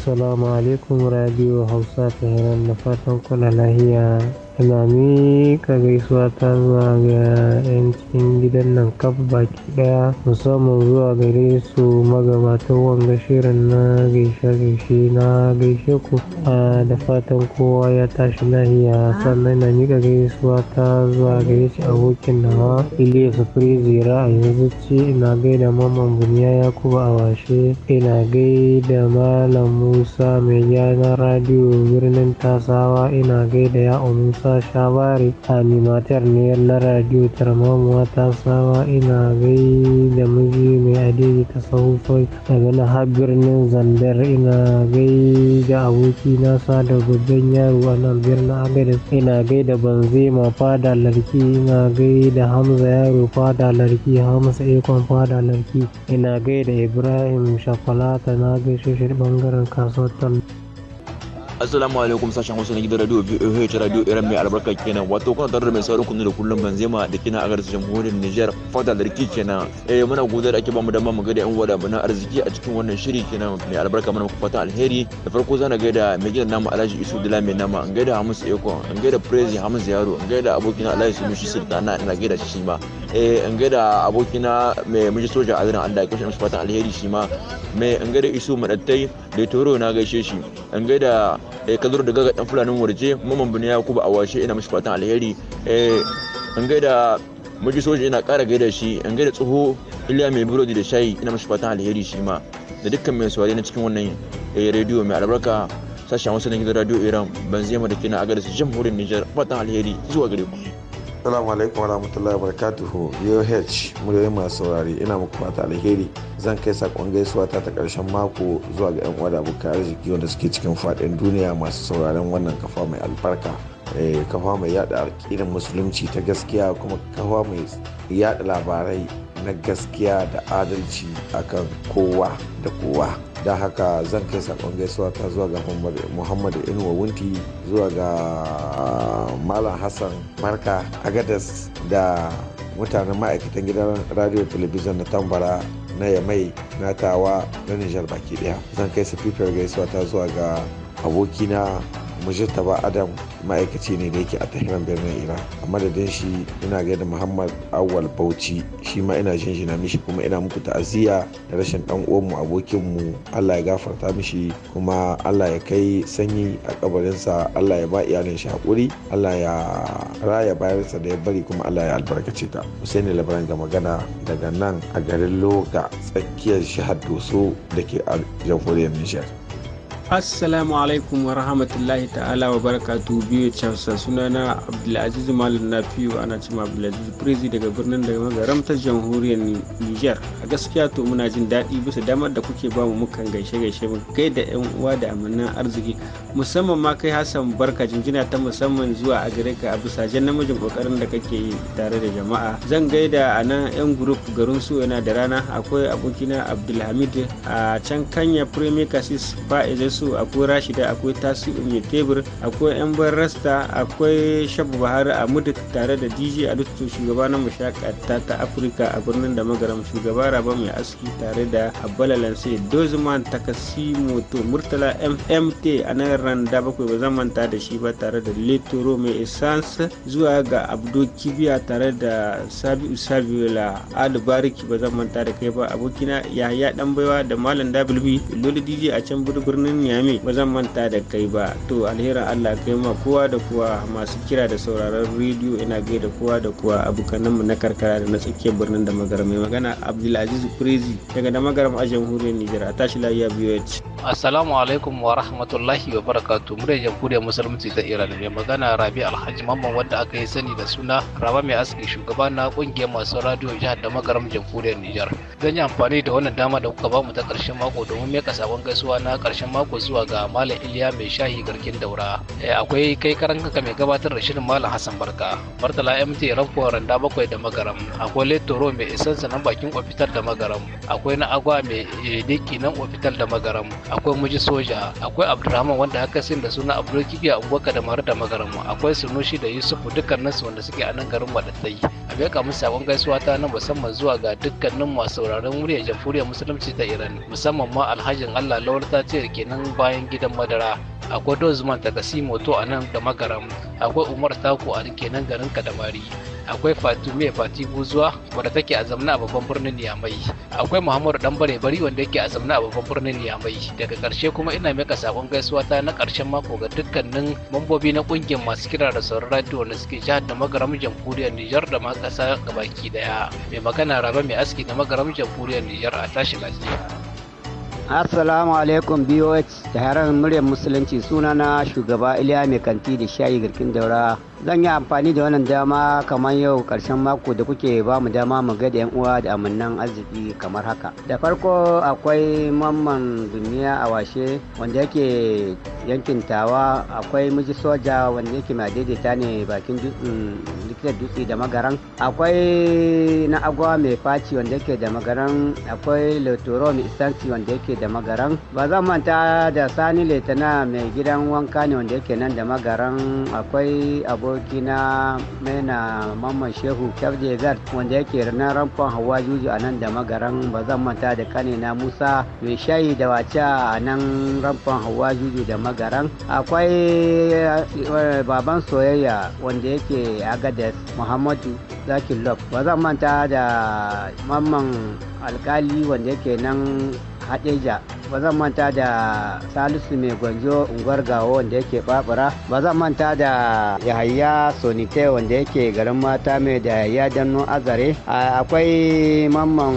salamu alaikum radio Hausa ta hirar na fatan kuna lahiya ina miƙa gaisuwa ta zuwa ga 'yancin gidan nan kaf baki ɗaya musamman zuwa gare su magabatan wanga shirin na gaishe-gaishe na gaishe ku da fatan kowa ya tashi lahiya sannan na mika gaisuwa ta zuwa gare shi abokin nawa iliya sufuri zira a yanzu ce ina gai gaida mamman buniya kuma a washe ina gai da malam musa mai gyara radiyo birnin tasawa ina gai da ya musa Musa bari animatar ne na radio tarmamuwa ta sawa ina gai da miji mai adini ta sahufai daga na har birnin zandar ina gai da aboki na sada babban yaro a nan birnin agadis ina gai da banzema fada larki ina gai da hamza yaro fada larki hamza ikon fada larki ina gai da ibrahim shakwalata na gaishe shi bangaren kasuwar assalamu alaikum sashen hausa na gidan radio voh radio iran mai albarka kenan wato kuna tare da mai saurin kunu da kullum banzema da kina a garin jamhuriyar niger fata da riki kenan eh muna godiya da ake bamu dama mu gaida yan wada bana arziki a cikin wannan shiri kenan mai albarka mana fata alheri da farko zan gaida mai gidan namu alhaji isu dila mai nama an gaida hamus eko an gaida prezi hamus yaro an gaida abokina alhaji sumishi sultana ina gaida shi ma eh an gaida abokina mai miji soja a garin allah ya kashe mishi fatan alheri shi ma mai an gaida isu madattai da toro na gaishe shi an gaida eh ka da gaga dan fulanin warje mamman bin yakubu a washe ina mishi fatan alheri eh an gaida muji soji ina kara gaida shi an gaida tsoho ilya mai burodi da shayi ina mishi fatan alheri shi ma da dukkan mai saurari na cikin wannan eh, rediyo mai albarka sashen wasu na gidan radio iran ban zai da kina a gadis jamhuriyar nijar fatan alheri zuwa gare ku Assalamu alaikum wa rahmatullahi wa barakatuhu VOH muryoyin masu saurari ina muku fata alheri zan kai sakon gaisuwa ta ta karshen mako zuwa ga yan uwa da abokan arziki wanda suke cikin faɗin duniya masu sauraron wannan kafa mai albarka. Eh, kafa mai yada aƙidar musulunci ta gaskiya kuma kafa mai yada labarai na gaskiya da adalci akan kowa da kowa da haka zan kai saƙon gaisuwa ta zuwa ga muhammadu inuwa wunti zuwa ga malam hassan marka agadas da mutanen ma'aikatan gidan radio talabijin na tambara na yamai na tawa na nijar baki daya zan kai safifar gaisuwa ta zuwa ga abokina mujtaba adam ma'aikaci ne da yake a tahiran birnin iran a madadin shi ina gaida muhammad awal bauchi shi ma ina jinjina mishi kuma ina muku ta'aziyya da rashin dan uwanmu abokinmu allah ya gafarta mishi kuma allah ya kai sanyi a kabarinsa allah ya ba iyalin shi hakuri allah ya raya bayansa da ya bari kuma allah ya albarkace ta husaini labaran ga magana daga nan a garin loga tsakiyar shahar doso da ke a jamhuriyar nijar assalamu alaikum wa rahmatullahi ta'ala wa barakatu biyu suna sunana abdulaziz malam nafiyu ana cima abdulaziz prezi daga birnin daga magaram ta jamhuriyar nijar a gaskiya to muna jin daɗi bisa damar da kuke ba mu mukan gaishe gaishe mu kai da yan uwa da amanan arziki musamman ma kai hassan barka jinjina ta musamman zuwa a gare ka a bisa jan namijin kokarin da kake yi tare da jama'a zan gaida a nan yan group garin su yana da rana akwai abokina abdulhamid a can kanya premier kasis fa'izai so akwai rashida akwai tasiu mai tebur akwai yan rasta akwai shabu bahari a mudu tare da dj alusto shugaba na mashakata ta afirka a birnin da magaram shugaba raba mai aski tare da abbala Lance dozman takasi moto murtala mmt a nan randa bakwai ba zamanta da shi ba tare da letoro mai essence zuwa ga abdo kibiya tare da sabiu sabiola alibariki ba zamanta da kai ba abokina yahaya dan baiwa da malam wb lolo dj a can birnin yami ba zan manta da kai ba to alherin allah kai ma kowa da kowa masu kira da sauraron rediyo ina gai da kowa da kowa abokananmu na karkara da na tsakiyar birnin da magaram mai magana abdulaziz daga da magaram a jamhuriyar nijar a tashi lafiya biyu assalamu alaikum wa rahmatullahi wa barakatu muryar jamhuriyar musulunci ta iran mai magana rabi alhaji mamman wanda aka yi sani da suna raba mai aski shugaba na kungiyar masu radio jihar da magaram jamhuriyar nijar zan yi amfani da wannan dama da kuka ba mu ta karshen mako domin meka sabon gaisuwa na karshen mako bakwai zuwa ga Malam Iliya mai shahi garkin daura. Eh, akwai kai karan kanka mai gabatar da shirin Malam Hassan Barka. Murtala MT Rafuwa Randa bakwai da Magaram. Akwai Letoro mai isansa nan bakin ofitar da Magaram. Akwai na Agwa mai eh, diki nan ofitar da Magaram. Akwai Muji Soja. Akwai Abdurrahman wanda haka sin da suna Abdul Kibiya Abubakar da Mara da Magaram. Akwai Sunushi da Yusufu su wanda suke a nan garin Madatai. A ka musu sakon gaisuwa ta nan musamman zuwa ga dukkanin masu sauraron muryar jamhuriyar musulunci ta Iran musamman ma alhajin Allah lawarta ta ce kenan bayan gidan madara akwai dozman daga simoto a nan da magaram akwai umar tako a kenan garin kadamari akwai fatume fati buzuwa wadda take a zamna a babban birnin niyamai akwai muhammadu dan bare bari wanda yake a zamna a babban birnin niyamai daga karshe kuma ina mika sakon gaisuwa ta na karshen mako ga dukkanin mambobi na kungiyar masu kira da sauran radio wanda suke jihar da magaram jamhuriyar nijar da ma kasa gabaki daya mai magana raba mai aski da magaram jamhuriyar nijar a tashi lafiya Assalamu alaikum BOH da muryar musulunci sunana shugaba Iliya mai kanti da shayi garkin daura zan yi amfani da wannan dama kamar yau karshen mako da kuke ba mu dama mu ga da yan uwa da amannan arziki kamar haka da farko akwai mamman duniya a washe wanda yake yankin tawa akwai miji soja wanda yake mai daidaita ne bakin likitar dutse da magaran akwai na agwa mai faci wanda yake da magaran akwai lotoro mai istanci wanda yake da magaran ba zan manta da sani letana mai gidan wanka ne wanda yake nan da magaran akwai abu abokina maina mamman shehu kyarje wanda yake na ramfon hawa juju a nan da magaran ba zan manta da kanina musa mai shayi da wace a nan ramfon hawa juju da magaran akwai eh, baban soyayya wanda yake agades muhammadu zakin love ba zan manta da mamman alkali wanda yake nan hadeja ba zan manta da salisu mai gwanjo unguwar gawo wanda yake babura ba zan manta da yahaya sonite wanda yake garin mata mai da yahaya danno azare akwai mamman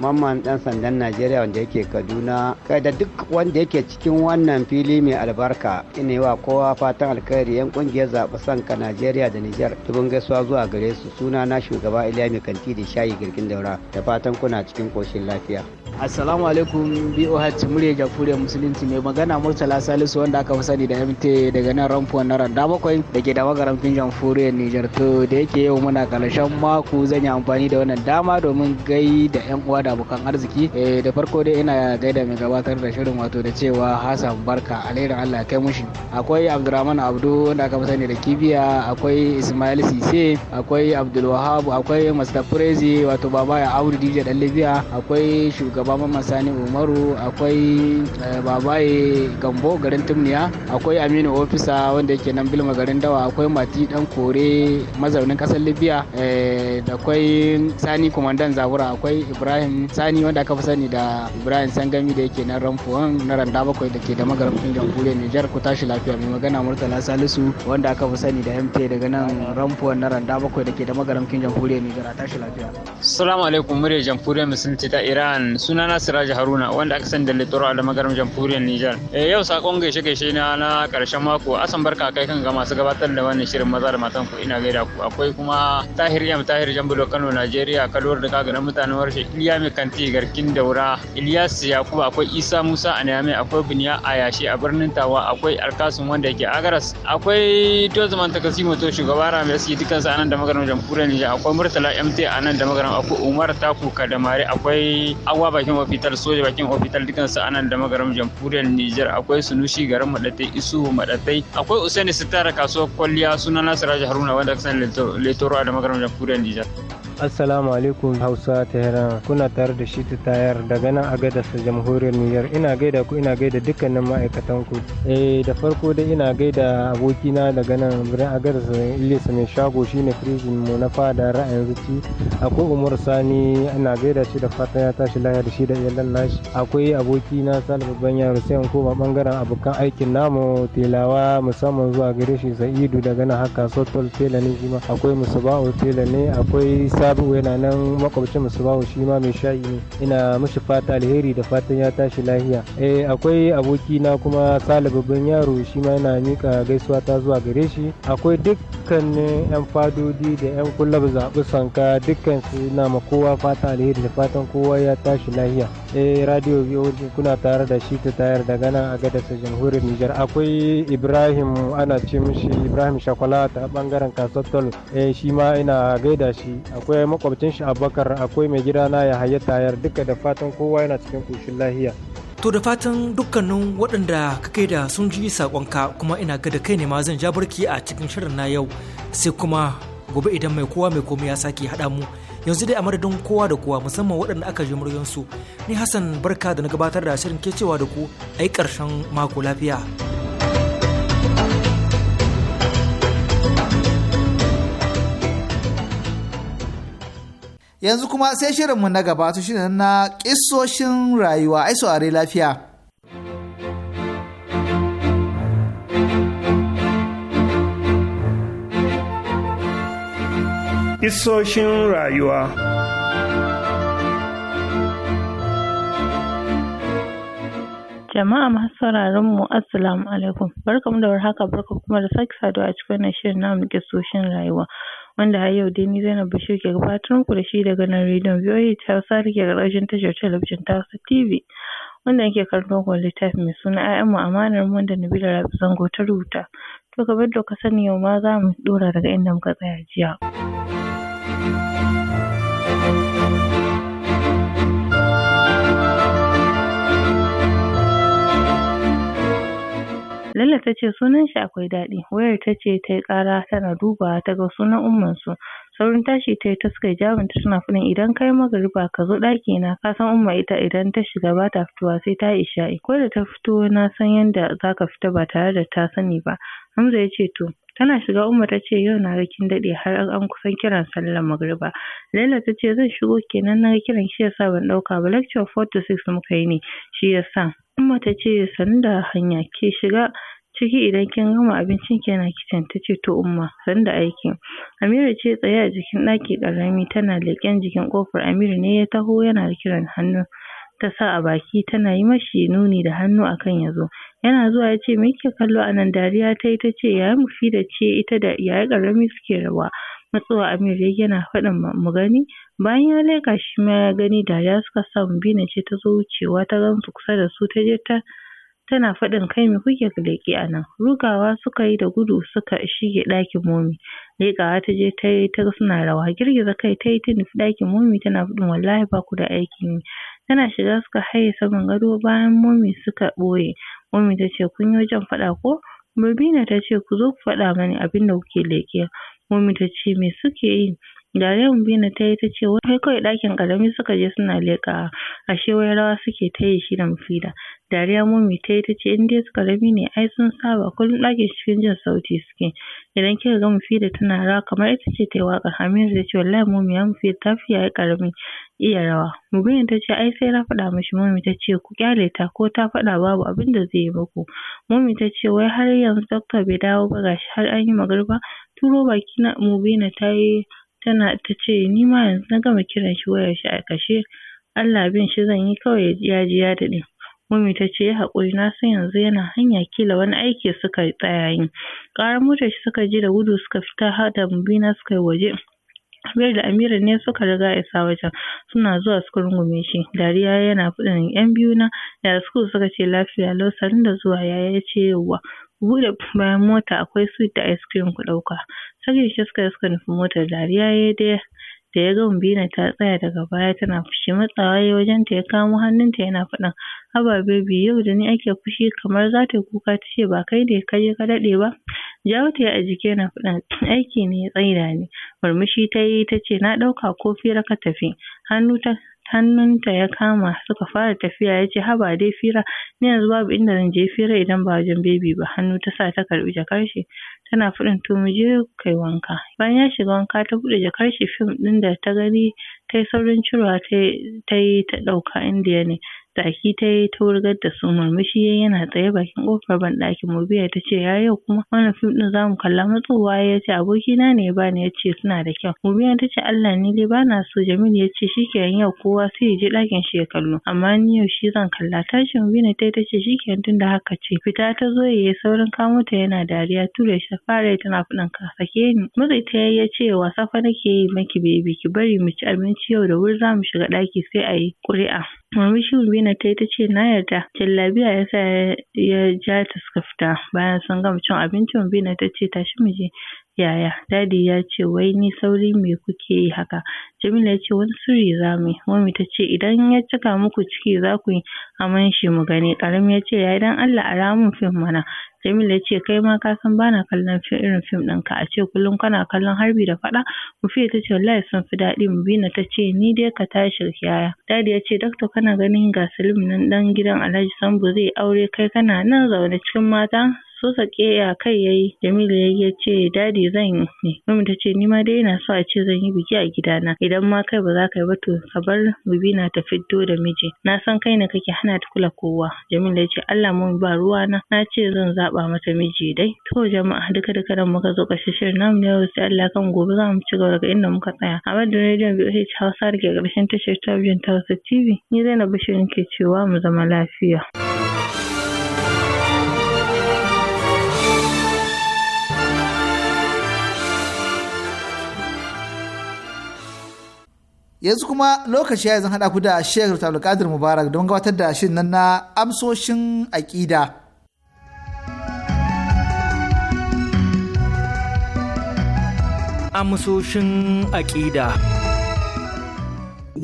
mamman dan sandan najeriya wanda yake kaduna kai da duk wanda yake cikin wannan fili mai albarka ina yi wa kowa fatan alkhairi yan kungiyar zaɓi sanka najeriya da nijar tubin gaisuwa zuwa gare su suna na shugaba iliya mai kanti da shayi girgin daura da fatan kuna cikin koshin lafiya assalamu alaikum boh ce murya jamhuriyar musulunci Mai magana murtala salisu wanda aka fi sani da mt daga nan ramfuwa na randa bakwai da ke da magaramfin jamhuriyar nijar to da yake yau muna karshen mako zan yi amfani da wannan dama domin gai da yan uwa da abokan arziki eh, da farko dai ina gaida mai gabatar da shirin wato da cewa hassan barka alherin allah kai mushi akwai abdurrahman abdu wanda aka fi sani da kibiya akwai ismail sise akwai abdulwahab akwai prezi wato baba ya auri dj dan libya akwai shugaba mamman sani umaru akwai akwai eh, babaye gambo garin tumniya akwai aminu ofisa wanda yake nan bilma garin dawa akwai mati dan kore mazaunin kasar libya eh, da akwai sani kumandan zabura akwai ibrahim sani wanda aka fi sani da ibrahim sangami da yake nan ramfuwan na randa bakwai da ke da magarafin jamhuriyar nijar ku tashi lafiya mai magana murtala salisu wanda aka fi sani da mp daga nan ramfuwan na randa bakwai da ke da magarafin jamhuriyar nijar a tashi lafiya. salamu alaikum murya jamhuriyar musulunci ta iran sunana siraji haruna wanda aka sani da Letoro Alamagaram Jamhuriyar Nijar. Eh, yau sakon gaishe gaishe na na karshen mako asan barka kai kan ga masu gabatar da wannan shirin maza da matan ku ina gaida ku akwai kuma Tahir Yam Tahir Jambulo Kano Najeriya kalwar da kaga na mutanen warshe Iliya mai kanti garkin daura Ilyas Yakubu akwai Isa Musa a Niyame akwai Biniya Ayashi a birnin Tawa akwai Alkasun wanda yake Agaras akwai Tozman Takasimo to shugaba Ramis dukkan sa anan da magaran Jamhuriyar Nijar akwai Murtala MT anan da magaran akwai Umar Taku Kadamare akwai Awa bakin ofital soja bakin ofital dukkan su Anan da magaram jamhuriyar Nijar akwai Sunushi garin Madatai Isu Madatai akwai Usaini Sitara kasuwar kwalliya suna Nasir Haruna wanda kasan Letoro da magaram jamhuriyar Nijar. assalamu alaikum hausa tehran kuna tare da shi ta tayar daga nan agadarsa jamhuriyar niger ina gaida ku ina gaida dukkanin ma'aikatan ku eh da farko dai ina gaida abokina daga nan birnin agadarsa ilisa mai shago shine firijin mu na fada ra'ayin zuci akwai umar sani ina gaida shi da fatan ya tashi lafiya da shi da iyalan nashi akwai abokina sani babban yaro sai ko koma bangaren abokan aikin namu tilawa musamman zuwa gare shi sa'idu daga nan haka sotol tela ne shi ma akwai musaba'u tela ne akwai babu yana nan makwabcin bawo shi ma mai shayi ne. Ina mishi fata alheri da fatan ya tashi lahiya. Eh akwai aboki na kuma Sale babban yaro shi ma yana mika gaisuwa ta zuwa gare shi. Akwai dukkanin yan fadodi da yan kullab zaɓi sanka dukkan su na ma kowa fata alheri da fatan kowa ya tashi lahiya. Eh radio VOD kuna tare da shi ta tayar da gana a gadasa jamhuriyar Nijar. Akwai Ibrahim ana ce mishi Ibrahim Shakwala ta bangaren Kasotol. Eh shi ma ina gaida shi. Akwai akwai makwabcin shi abubakar akwai mai gida na ya haye tayar duka da fatan kowa yana cikin koshin lahiya to da fatan dukkanin waɗanda ka da sun ji saƙonka kuma ina ga da kai ne ma zan ja barki a cikin shirin na yau sai kuma gobe idan mai kowa mai komai ya sake haɗa mu yanzu dai a madadin kowa da kowa musamman waɗanda aka ji muryansu ni hassan barka da na gabatar da shirin ke cewa da ku a yi ƙarshen mako lafiya yanzu kuma sai shirinmu na gaba su shirin na kisoshin rayuwa ai saurari lafiya Isoshin rayuwa Jama'a masu sauraron mu Assalamu alaikum. Barkamu da warhaka barka kuma da sake saduwa a cikin wannan shirin namu kisoshin rayuwa. wanda har yau dai ni Zainab Bashir ke gabatar muku da shi daga nan rediyon VOH Hausa da ke ƙarƙashin tashar talabijin ta Hausa TV wanda yake karɓar wa littafi mai suna ‘ya'yan mu amanar mu da Nabila Rabi Zango ta rubuta. To kamar da ka sani yau ma za mu ɗora daga inda muka tsaya jiya. Lalla ta ce sunan shi akwai daɗi. Wayar ta ce ta yi ƙara tana dubawa ta ga sunan su. Saurin tashi ta yi ta suka jabinta tana faɗin idan kai magariba ka zo ɗaki na ka san umma ita idan ta shiga ba ta fitowa sai ta yi isha'i. Ko da ta fito na san yadda za ka fita ba tare da ta sani ba. Hamza ya ce to Tana shiga Umma ta ce yau na ga kin daɗe har an kusan kiran sallar magriba. Laila ta ce zan shigo kenan na ga kiran shi yasa ban ɗauka ba lecture 4 to 6 muka yi ne shi yasa. Umma ta ce sannu da hanya ke shiga ciki idan kin gama abincin ki yana kicin ta ce to umma san da aikin Amira ce tsaye a jikin ɗaki ƙarami tana leƙen jikin ƙofar Amiru ne ya taho yana kiran hannu ta sa a baki tana yi mashi nuni da hannu akan ya zo yana zuwa ya ce me yake kallo a nan dariya ta yi ta ce yaya da ce ita da yaya karami suke rawa matsowa amir ya yana faɗin mu gani bayan ya leƙa shi ma ya gani dariya suka sa mubina ce ta zo wucewa ta gansu kusa da su ta je ta tana faɗin kai me kuke leƙe a nan rugawa suka yi da gudu suka shige ɗakin momi leƙawa ta je ta yi suna rawa girgiza kai ta yi ta nufi ɗakin momi tana faɗin wallahi ba ku da aikin yi tana shiga suka haye saman gado bayan momi suka ɓoye Ummi ta ce kun yi wajen faɗa ko? Mubina ta ce ku zo ku faɗa mani abin da kuke leƙiya. Mummy ta ce me suke yi? Dariya Mubina ta yi ta ce wai kawai ɗakin ƙarami suka je suna leƙawa ashe wai rawa suke ta yi shi da Mufida. dariya momi ta yi ta ce in dai su karami ne ai sun saba kullum ɗakin cikin jin sauti suke idan kika ga mufida tana rawa kamar ita ce ta yi waƙar hamisu ta ce wallahi mummy ya mufida ta fi yayi karami iya rawa mubin ta ce ai sai na faɗa mishi momi ta ce ku kyale ta ko ta faɗa babu abin da zai yi muku mummy ta ce wai har yanzu doctor bai dawo ba gashi har an yi magarba turo baki na mubina ta yi tana ta ce ni ma yanzu na gama kiran shi wayar shi a kashe Allah bin shi zan yi kawai ya ji ya daɗe. Mummy ta ce ya haƙuri na san yanzu yana hanya kila wani aiki suka tsaya yi. Ƙarar motar shi suka ji da gudu suka fita har da Mubina suka yi waje. Amir da Amira ne suka riga isa wajen suna zuwa suka rungume shi dariya yana faɗin yan biyu na da suku suka ce lafiya lau da zuwa yaya ya ce yauwa ku buɗe bayan mota akwai sweet da ice cream ku ɗauka sakin shi suka suka nufi motar dariya ya dai da ya ga Mbina ta tsaya daga baya tana fushi matsawa ya wajen ta ya kamo hannunta yana faɗan ababe biyu yau da ni ake fushi kamar za ta yi kuka ta ce ba kai ne ka je ka daɗe ba jawo ta a jiki yana faɗan aiki ne ya tsaida ni murmushi ta yi ta ce na ɗauka ko fira ka tafi hannu ta hannunta ya kama suka fara tafiya ya ce haba dai fira ni yanzu babu inda zan je fira idan ba wajen bebi ba hannu ta sa ta karbi jakar shi tana faɗin to mu je kai wanka bayan ya shiga wanka ta buɗe jakar shi fim ɗin da ta gani ta yi saurin cirewa ta yi ta ɗauka indiya ne saki ta yi ta wurgar da su murmushi yana tsaye bakin ƙofar banɗakin biya ta ce ya yau kuma wannan fim ɗin za mu kalla matsowa ya ce abokina ne ya bani ya ce suna da kyau. Mubiya ta ce Allah ni dai ba na so jamil ya ce shi shikenan yau kowa sai ya je ɗakin shi ya kallo amma ni yau shi zan kalla tashin mu ta ta ce shikenan tun da haka ce fita ta zo ya yi saurin kamo ta yana dariya ture shi fara tana faɗin ka sake ni. Matsi ta ya ce wasa fa nake yi maki bebi ki bari mu ci abinci yau da wuri za mu shiga ɗaki sai a ƙuri'a. Murmushi Amina ta yi ta ce na yarda. Jallabiya ya sa ya ja ta suka Bayan sun gama cin abincin Vina ta ce tashi mu je. yaya dadi ya ce wai ni sauri me kuke yi haka jamila ya ce wani sirri za mu yi mami ta ce idan ya cika muku ciki za ku yi aman shi mu gani karami ya ce yayi dan Allah a ramin fim mana jamila ya ce kai ma ka san bana kallon irin fim ɗinka a ce kullum kana kallon harbi da faɗa Mu ta ce wallahi sun fi daɗi bina ta ce ni dai ka tashi yaya dadi ya ce doctor kana ganin ga salim nan ɗan gidan alhaji sambo zai aure kai kana nan zaune cikin mata sosake ya kai yayi Jamilu ya ce dadi zan ne mami ta ce ni ma dai na so a ce zan yi biki a gidana idan ma kai ba za ka yi ba to ka bar Rubina ta fito da miji na san kai na kake hana ta kula kowa Jamilu ya ce Allah mun ba ruwa na na ce zan zaba mata miji dai to jama'a duka duka da muka zo ƙarshen shirin namu na yau sai Allah kan gobe za mu ci gaba daga inda muka tsaya a madadin rediyon BOH Hausa da ke ƙarshen tashar talabijin ta Hausa TV ni Zainab Bashir ke cewa mu zama lafiya. yanzu kuma lokaci ya zan haɗa ku da Sheikh Abdulkadir Mubarak don gabatar da shirin nan na amsoshin aƙida. Amsoshin aƙida.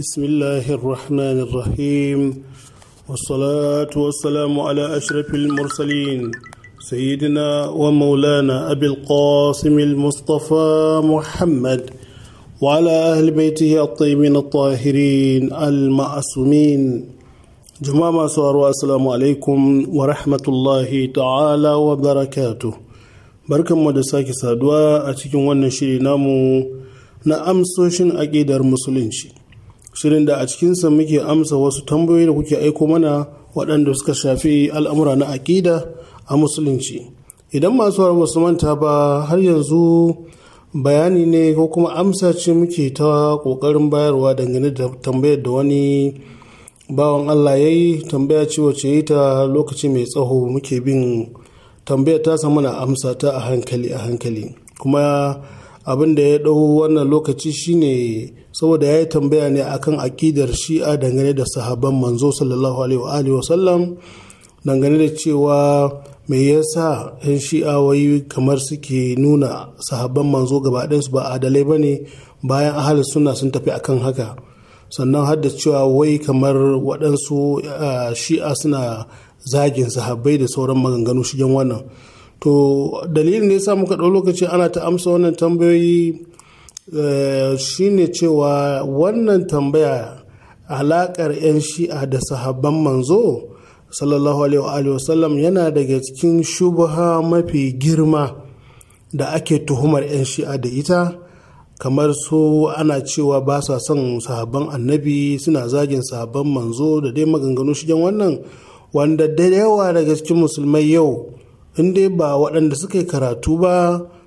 Bismillahirrahmanirrahim. والصلاة والسلام على أشرف المرسلين سيدنا ومولانا أبي القاسم المصطفى محمد وعلى أهل بيته الطيبين الطاهرين المعصومين جماعة سوار السلام عليكم ورحمة الله تعالى وبركاته بركة da sake saduwa a cikin wannan shiri namu na amsoshin aƙidar musulunci shirin da a cikinsa muke amsa wasu tambayoyi da kuke aiko mana waɗanda suka shafi al'amura na aƙida a musulunci idan masu su manta ba har yanzu bayani ne ko kuma amsa ce muke ta kokarin bayarwa dangane da tambayar da wani bawan allah ya yi tambaya ce wace yi ta lokaci mai tsaho muke bin tambayar ta samu na amsa ta a hankali a hankali kuma abin da ya ɗau wannan lokaci shine saboda ya yi tambaya ne akan aƙidar shi'a dangane da sahaban manzo sallallahu alaihi wa sallam dangane da cewa me yasa yan shi'awai kamar suke nuna sahabban manzo su ba adalai ba ne bayan ahalin suna sun tafi akan haka sannan hadda cewa wai kamar waɗansu shi'a suna zagin sahabbai da sauran maganganu shigen wannan to dalilin da yasa muka ɗau lokaci ana ta amsa wannan tambayoyi e, shine cewa wannan tambaya alaƙar 'yan shi'a da sahabban manzo sallallahu alaihi wa sallam yana daga cikin shubha mafi girma da ake tuhumar 'yan shi'a da ita kamar su ana cewa ba sa son sahabban annabi suna zagin sahabban manzo da dai maganganu shigen wannan wanda da yawa daga cikin musulmai yau in dai ba waɗanda suka yi karatu ba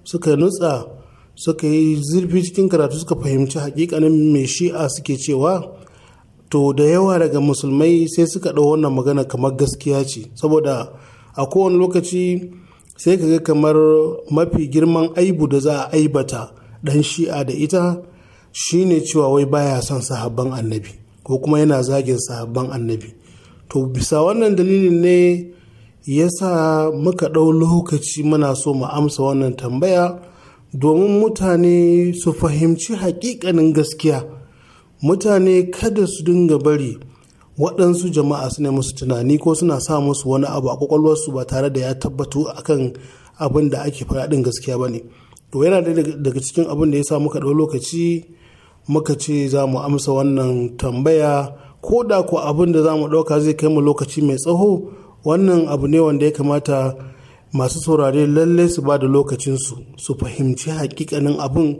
suka nutsa suka yi zurfi cikin karatu suka fahimci hakikanin mai shi'a suke cewa to da yawa daga musulmai sai suka ɗau wannan magana kamar gaskiya ce saboda a kowane lokaci sai ka ga kamar mafi girman aibu da za a aibata ɗan shi'a da ita shine cewa wai baya son sahabban annabi ko kuma yana zagin sahabban annabi to bisa wannan dalilin ne ya sa muka ɗau lokaci muna so mu amsa wannan tambaya domin mutane su fahimci haƙiƙanin gaskiya mutane kada su dinga bari waɗansu jama'a suna musu tunani ko suna sa musu wani abu a kwakwalwarsu ba tare da ya tabbatu kan abin da ake faɗin gaskiya ba ne to yana da daga cikin abin da ya sa muka ɗau lokaci muka ce za mu amsa wannan tambaya ko da ko abin da za mu ɗauka zai kai mu lokaci mai tsaho wannan abu ne wanda ya kamata masu saurare lalle su ba da lokacinsu su fahimci hakikanin abin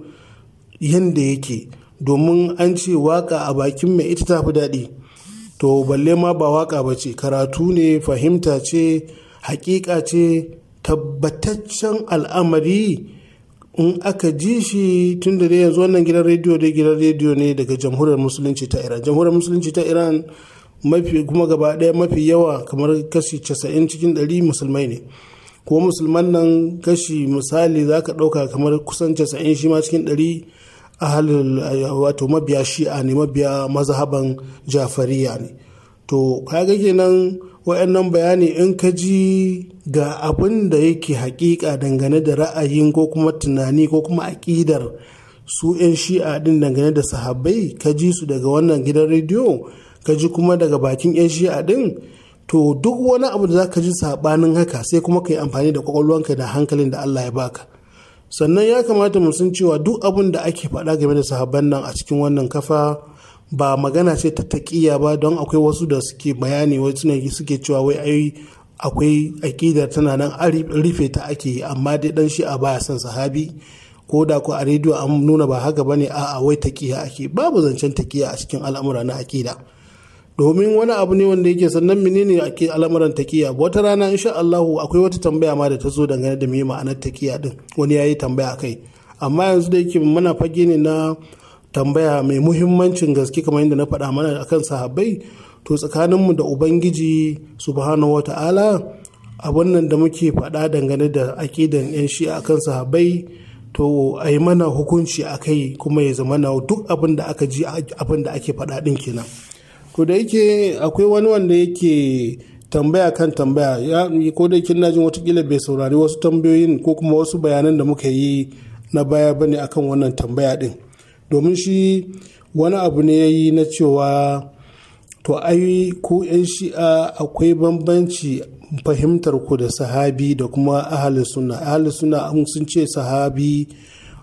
yadda yake domin an ce waka a bakin mai ita tafi daɗi to balle ma ba waka ba ce karatu ne fahimta ce hakika ce tabbataccen al'amari in aka ji shi tun da yanzu wannan gidan rediyo dai gidan rediyo ne daga jamhuriyar musulunci ta iran jamhuriyar musulunci ta iran mafi kuma gaba ɗaya mafi yawa kamar kashi 90 cikin 100 musulmai ne ko musulman nan kashi misali za ka ɗauka kamar kusan 90 shi ma cikin 100 ahalin eh, wato mabiya shi'a ne mabiya mazhaban jafariya ne to kaga kenan wa'annan bayani in ka ji ga abin da yake hakika dangane da ra'ayin ko kuma tunani ko kuma aƙidar su 'yan shi'a din dangane da sahabbai ka ji su daga wannan gidan rediyo ka ji kuma daga bakin 'yan shi'a din to duk wani abu da za ka ji sabanin haka sai kuma ka yi amfani da kwakwalwanka da hankalin da allah ya baka sannan ya kamata mu san cewa duk abin da ake faɗa game da sahabban nan a cikin wannan kafa ba magana ce ta taƙiya ba don akwai wasu da suke bayani wasu ne suke cewa wai ai akwai aƙida tana nan rufe ta ake yi amma dai dan shi a baya son sahabi ko da ko a rediyo an nuna ba haka bane a'a wai taƙiya ake babu zancen taƙiya a cikin al'amura na aƙida domin wani abu ne wanda yake sannan menene ake al'amuran takiya wata rana insha Allahu akwai wata tambaya ma da ta zo dangane da me ma'anar takiya din wani yayi tambaya kai, amma yanzu da yake muna fage ne na tambaya mai muhimmancin gaske kamar yadda na faɗa mana akan sahabai? to tsakaninmu da ubangiji subhanahu wata'ala abun nan da muke faɗa dangane da akidan yan shi akan sahabbai to a mana hukunci a kai kuma ya zama na duk abin da aka ji abin da ake faɗa ɗin kenan ko da yake akwai wani wanda yake tambaya kan tambaya ya ko da yake na jin watakila bai saurari wasu tambayoyin ko kuma wasu bayanan da muka yi na baya ba bane akan wannan tambaya din domin shi wani abu ne ya yi na cewa to ai ko 'yan shi'a akwai bambanci fahimtar ku da sahabi da kuma ahalin suna ahalin suna sun ce sahabi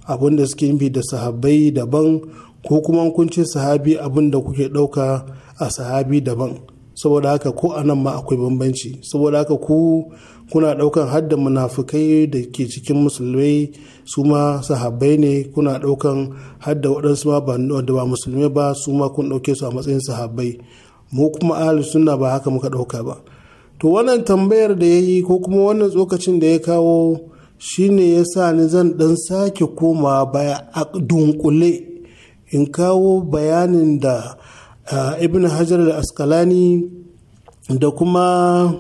abin da suke bi da sahabbai daban ko kuma kun ce sahabi abin da kuke ɗauka a sahabi daban saboda haka ko a nan ma akwai bambanci saboda haka ku kuna daukan hadda munafukai da ke cikin musulmai su ma sahabbai ne kuna daukan hadda waɗansu ma da ba musulmai ba su ma kun ɗauke su a matsayin sahabbai mu kuma ahli sunna ba haka muka ɗauka ba to wannan tambayar da ya yi ko kuma wannan tsokacin da ya kawo shine ya sa ni zan ɗan sake komawa baya a dunkule in kawo bayanin da Eh, ibn hajar da askalani da kuma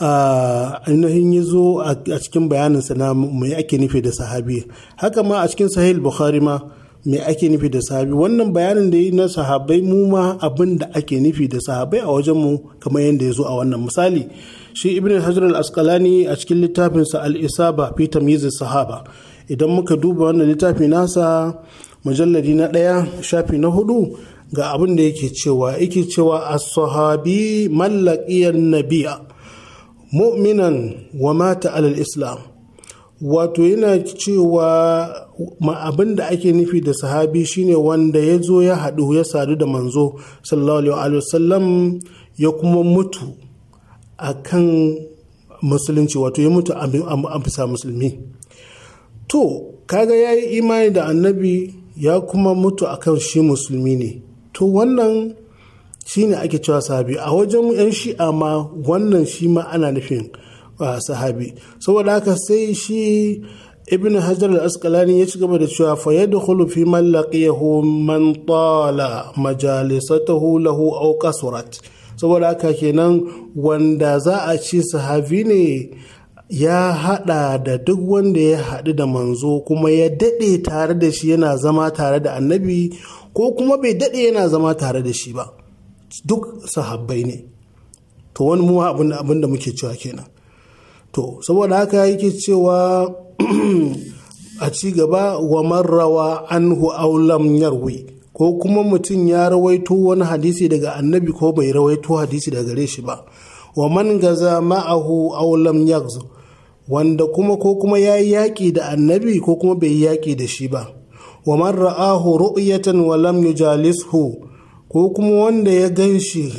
eh, ainihin yi zo a cikin bayaninsa na mai ake nufi da sahabi haka ma a cikin Sahil bukhari ma me ake nufi da sahabi wannan bayanin da yi na sahabai mu ma abin da ake nufi da sahabai a wajen mu kamar yadda ya zo a wannan misali shi ibn hajar al-asqalani a cikin littafinsa al-isaba fi tamyiz sahaba idan muka duba wannan littafi nasa mujalladi na ɗaya shafi na hudu ga abin da yake cewa yake cewa as-sahabi mallaqiyan nabiya mu'minan wa mata alal islam wato yana cewa abin da ake nufi da sahabi shine wanda ya zo ya haɗu ya sadu da manzo sallallahu alaihi wasallam ya kuma mutu akan musulunci wato ya mutu a bisa musulmi to kaga ya yi imani da annabi ya kuma mutu akan shi musulmi ne to wannan shi shine ake cewa sahabi a wajen 'yan shi'a ma wannan shi ma ana nufin sahabi saboda haka sai shi ibn hajar da asqalani ya ci gaba da cewa fa yadkhulu fi man laqiyahu man tala majalisatuhu lahu aw saboda haka kenan wanda za a ci sahabi ne ya hada da duk wanda ya haɗu da manzo kuma ya daɗe tare da shi yana zama tare da annabi ko kuma bai daɗe yana zama tare da shi ba duk sahabbai ne to wani mu abin da muke cewa kenan to saboda haka yake cewa *clears throat* a ci gaba wa marrawa anhu aulam yarwi ko kuma mutum ya rawaito wani hadisi daga annabi ko bai rawaito hadisi daga gare shi ba wa man gaza ma'ahu aulam yagzu wanda kuma ko kuma ya yi yaƙi da annabi ko kuma bai yi yaƙi da shi ba wa man ra'ahu ru'yatan wa lam yujalishu ko kuma wanda ya ganshi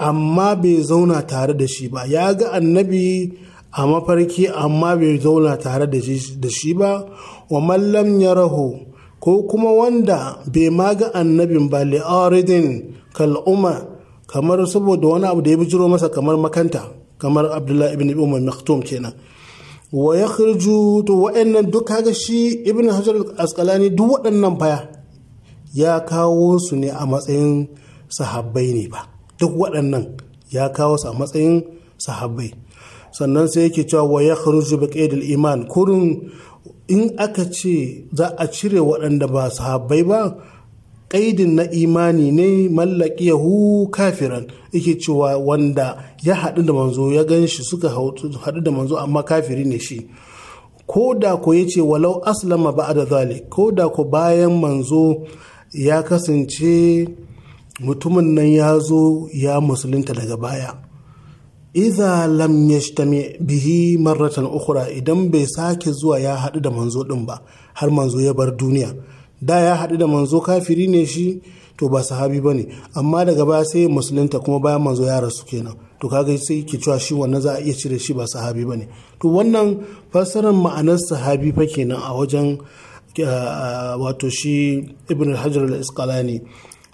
amma bai zauna tare da shi ba ya ga annabi a mafarki amma bai zauna tare da shi ba wa mallam ya yarahu ko kuma wanda bai ma ga annabin ba li'aridin kal'uma kamar saboda wani abu da ya bijiro masa kamar makanta kamar abdullahi ibn umar maktum kenan wa ya kirju to wa'annan duk kaga shi ibn hajar Askalani, duk waɗannan faya ya kawo su ne a matsayin sahabbai ne ba duk waɗannan ya kawo su a matsayin sahabbai sannan sai yake cewa wa ya kirju bi qaidil iman kurun in aka ce za a cire waɗanda ba sahabbai ba kaidin na imani ne mallaki yahu kafiran yake cewa wanda ya haɗu da manzo ya gan shi suka haɗu da manzo amma kafiri ne shi ko da ko ya ce walau aslama ba da zalik ko da ko bayan manzo ya kasance mutumin nan ya zo ya musulunta daga baya iza lam yashtami bihi marratan ukhra idan bai sake zuwa ya haɗu da manzo ɗin ba har manzo ya bar duniya da ya haɗu da manzo kafiri ne shi to ba sahabi ba ne amma daga baya sai musulunta kuma bayan manzo ya rasu kenan to kaga sai ke cewa shi wannan za a iya cire shi ba sahabi ba ne to wannan fassarar ma'anar sahabi fa kenan a wajen eh, eh, wato shi ibn hajar al-isqalani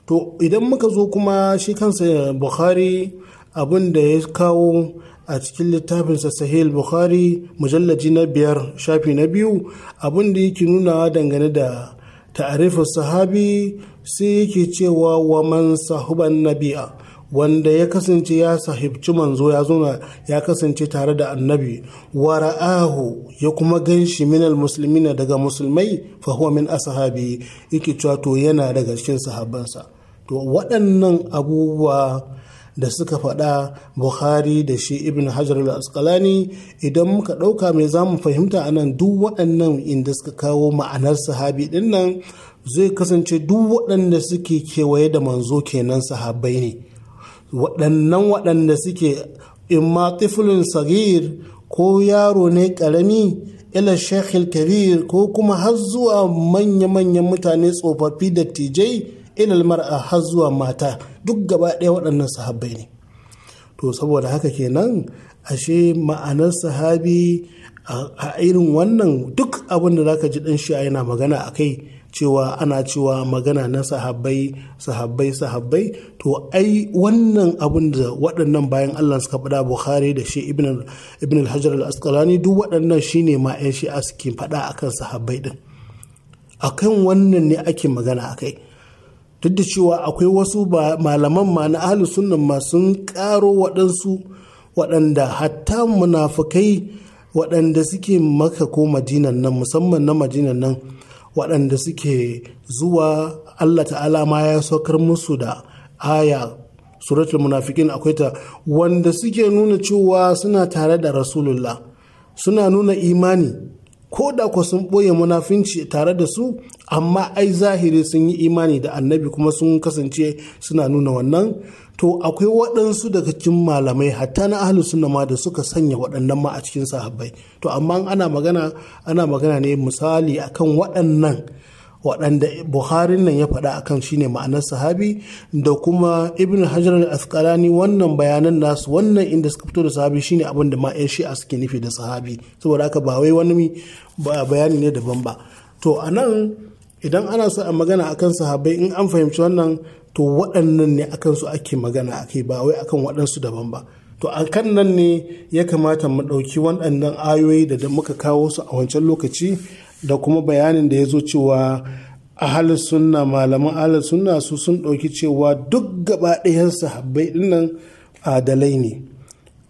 to idan muka zo kuma shi kansa bukhari abin da ya kawo a cikin littafinsa sahil bukhari mujallaji na biyar shafi na biyu abin da yake nunawa dangane da ta'arifin sahabi sai yake cewa wa man sahuban nabi'a wanda ya kasance ya sahibci manzo ya zo ya kasance tare da annabi wa ya kuma ganshi minal musulmina daga musulmai fa huwa min ashabi yake cewa to yana daga cikin sahabbansa to waɗannan abubuwa da suka faɗa bukhari da shi ibn hajar al-asqalani idan muka ɗauka mai zamu fahimta anan duk waɗannan inda suka kawo ma'anar sahabi ɗin nan zai kasance duk waɗanda suke kewaye da manzo kenan sahabai ne waɗannan waɗanda suke imma tiflin sagir ko yaro ne ƙarami ila shekhil kabir ko kuma har zuwa manya-manyan mutane tsofaffi da dattijai ilal mar'a har zuwa mata duk gaba ɗaya waɗannan sahabbai ne to saboda haka kenan ashe ma'anar sahabi a irin wannan duk abin da zaka ji dan shi yana magana a kai cewa ana cewa magana na sahabbai sahabbai sahabbai to ai wannan abin da waɗannan bayan Allah suka faɗa Bukhari da shi Ibn al-Hajar al-Asqalani duk waɗannan shine ma ƴan shi suke faɗa akan sahabbai din akan wannan ne ake magana akai duk da cewa akwai wasu malaman ma na ahli sunnan ma sun karo waɗansu waɗanda hatta munafukai waɗanda suke maka ko madinan nan musamman na madinan nan waɗanda suke zuwa allah ta'ala ma ya saukar musu da aya suratul munafikin akwai ta wanda suke nuna cewa suna tare da rasulullah suna nuna imani ko da ku sun ɓoye munafinci tare da su amma ai zahiri sun yi imani da annabi kuma sun kasance suna nuna wannan to akwai waɗansu daga cikin malamai hatta na ahlus sunna ma da suka sanya waɗannan ma a cikin sahabbai to amma ana magana ana magana ne misali akan waɗannan waɗanda buhari nan ya faɗa akan shine ma'anar sahabi da kuma ibn hajar al-asqalani wannan bayanan nasu wannan inda suka fito da sahabi shine abin da ma yan shi'a suke nufi da sahabi saboda haka ba wai wani bayani ne daban ba to a nan idan ana sa a magana akan sahabai in an fahimci wannan to waɗannan ne akan su ake magana ake ba wai akan waɗansu daban ba to a kan nan ne ya kamata mu ɗauki waɗannan ayoyi da muka kawo su a wancan lokaci da kuma bayanin da ya zo cewa ahalin sunna malaman ahalin sunna su sun ɗauki cewa duk gaba ɗayan sahabbai dinnan adalai ne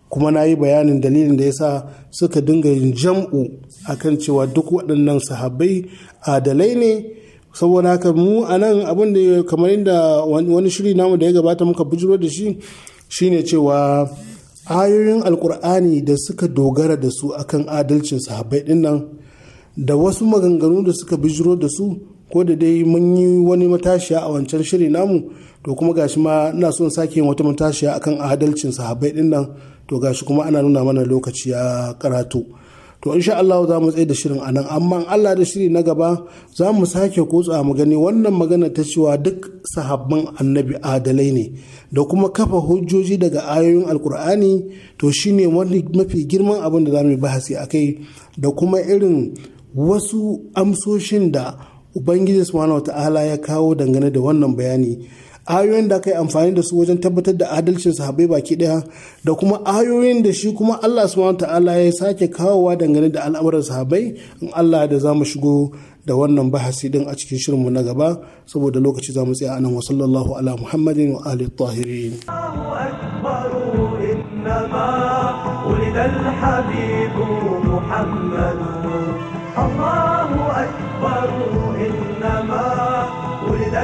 kuma na yi bayanin dalilin da ya sa suka dinga yin jam'u akan cewa duk waɗannan sahabbai adalai ne saboda haka mu a nan abin da kamar inda wani shiri namu da ya gabata muka bujiro da shi shine cewa ayoyin alkur'ani da suka dogara da su akan adalcin sahabbai dinnan da wasu maganganu da suka bijiro da su ko da dai mun yi wani matashiya a wancan shiri namu to kuma gashi ma ina son sake yin wata matashiya akan adalcin sahabbai din nan to gashi kuma ana nuna mana lokaci ya karatu to insha Allah za mu tsaye da shirin anan amma Allah da shiri na gaba za mu sake kotsa mu gani wannan magana ta cewa duk sahabban annabi adalai ne da kuma kafa hujjoji daga ayoyin alkur'ani to shine wani mafi girman abin da za mu yi bahasi akai da kuma irin wasu amsoshin da ubangiji subhanahu wata'ala ya kawo dangane da wannan bayani ayoyin da aka yi amfani da su wajen tabbatar da adalcin sahabbai baki daya da kuma ayoyin da shi kuma Allah subhanahu ta'ala ya sake kawowa dangane da al'amuran sahabbai in Allah da zamu shigo da wannan bahasi din a cikin shirinmu na gaba saboda lokaci za mu tsaya anan wa sallallahu ala muhammadin wa ali tahirin al-habib muhammad الخبر إنما ولد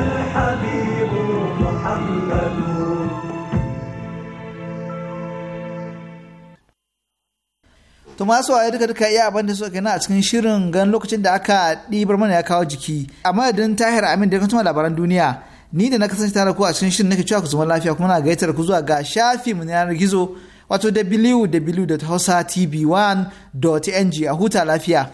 duka duka iya abin da suka na a cikin shirin gan lokacin da aka ɗibar mana ya kawo jiki a madadin tahir amin da ya kuma labaran duniya ni da na kasance tare ku a cikin shirin nake cewa ku zama lafiya kuma na gaitar ku zuwa ga shafi mu yanar gizo wato www.hausatv1.ng a huta lafiya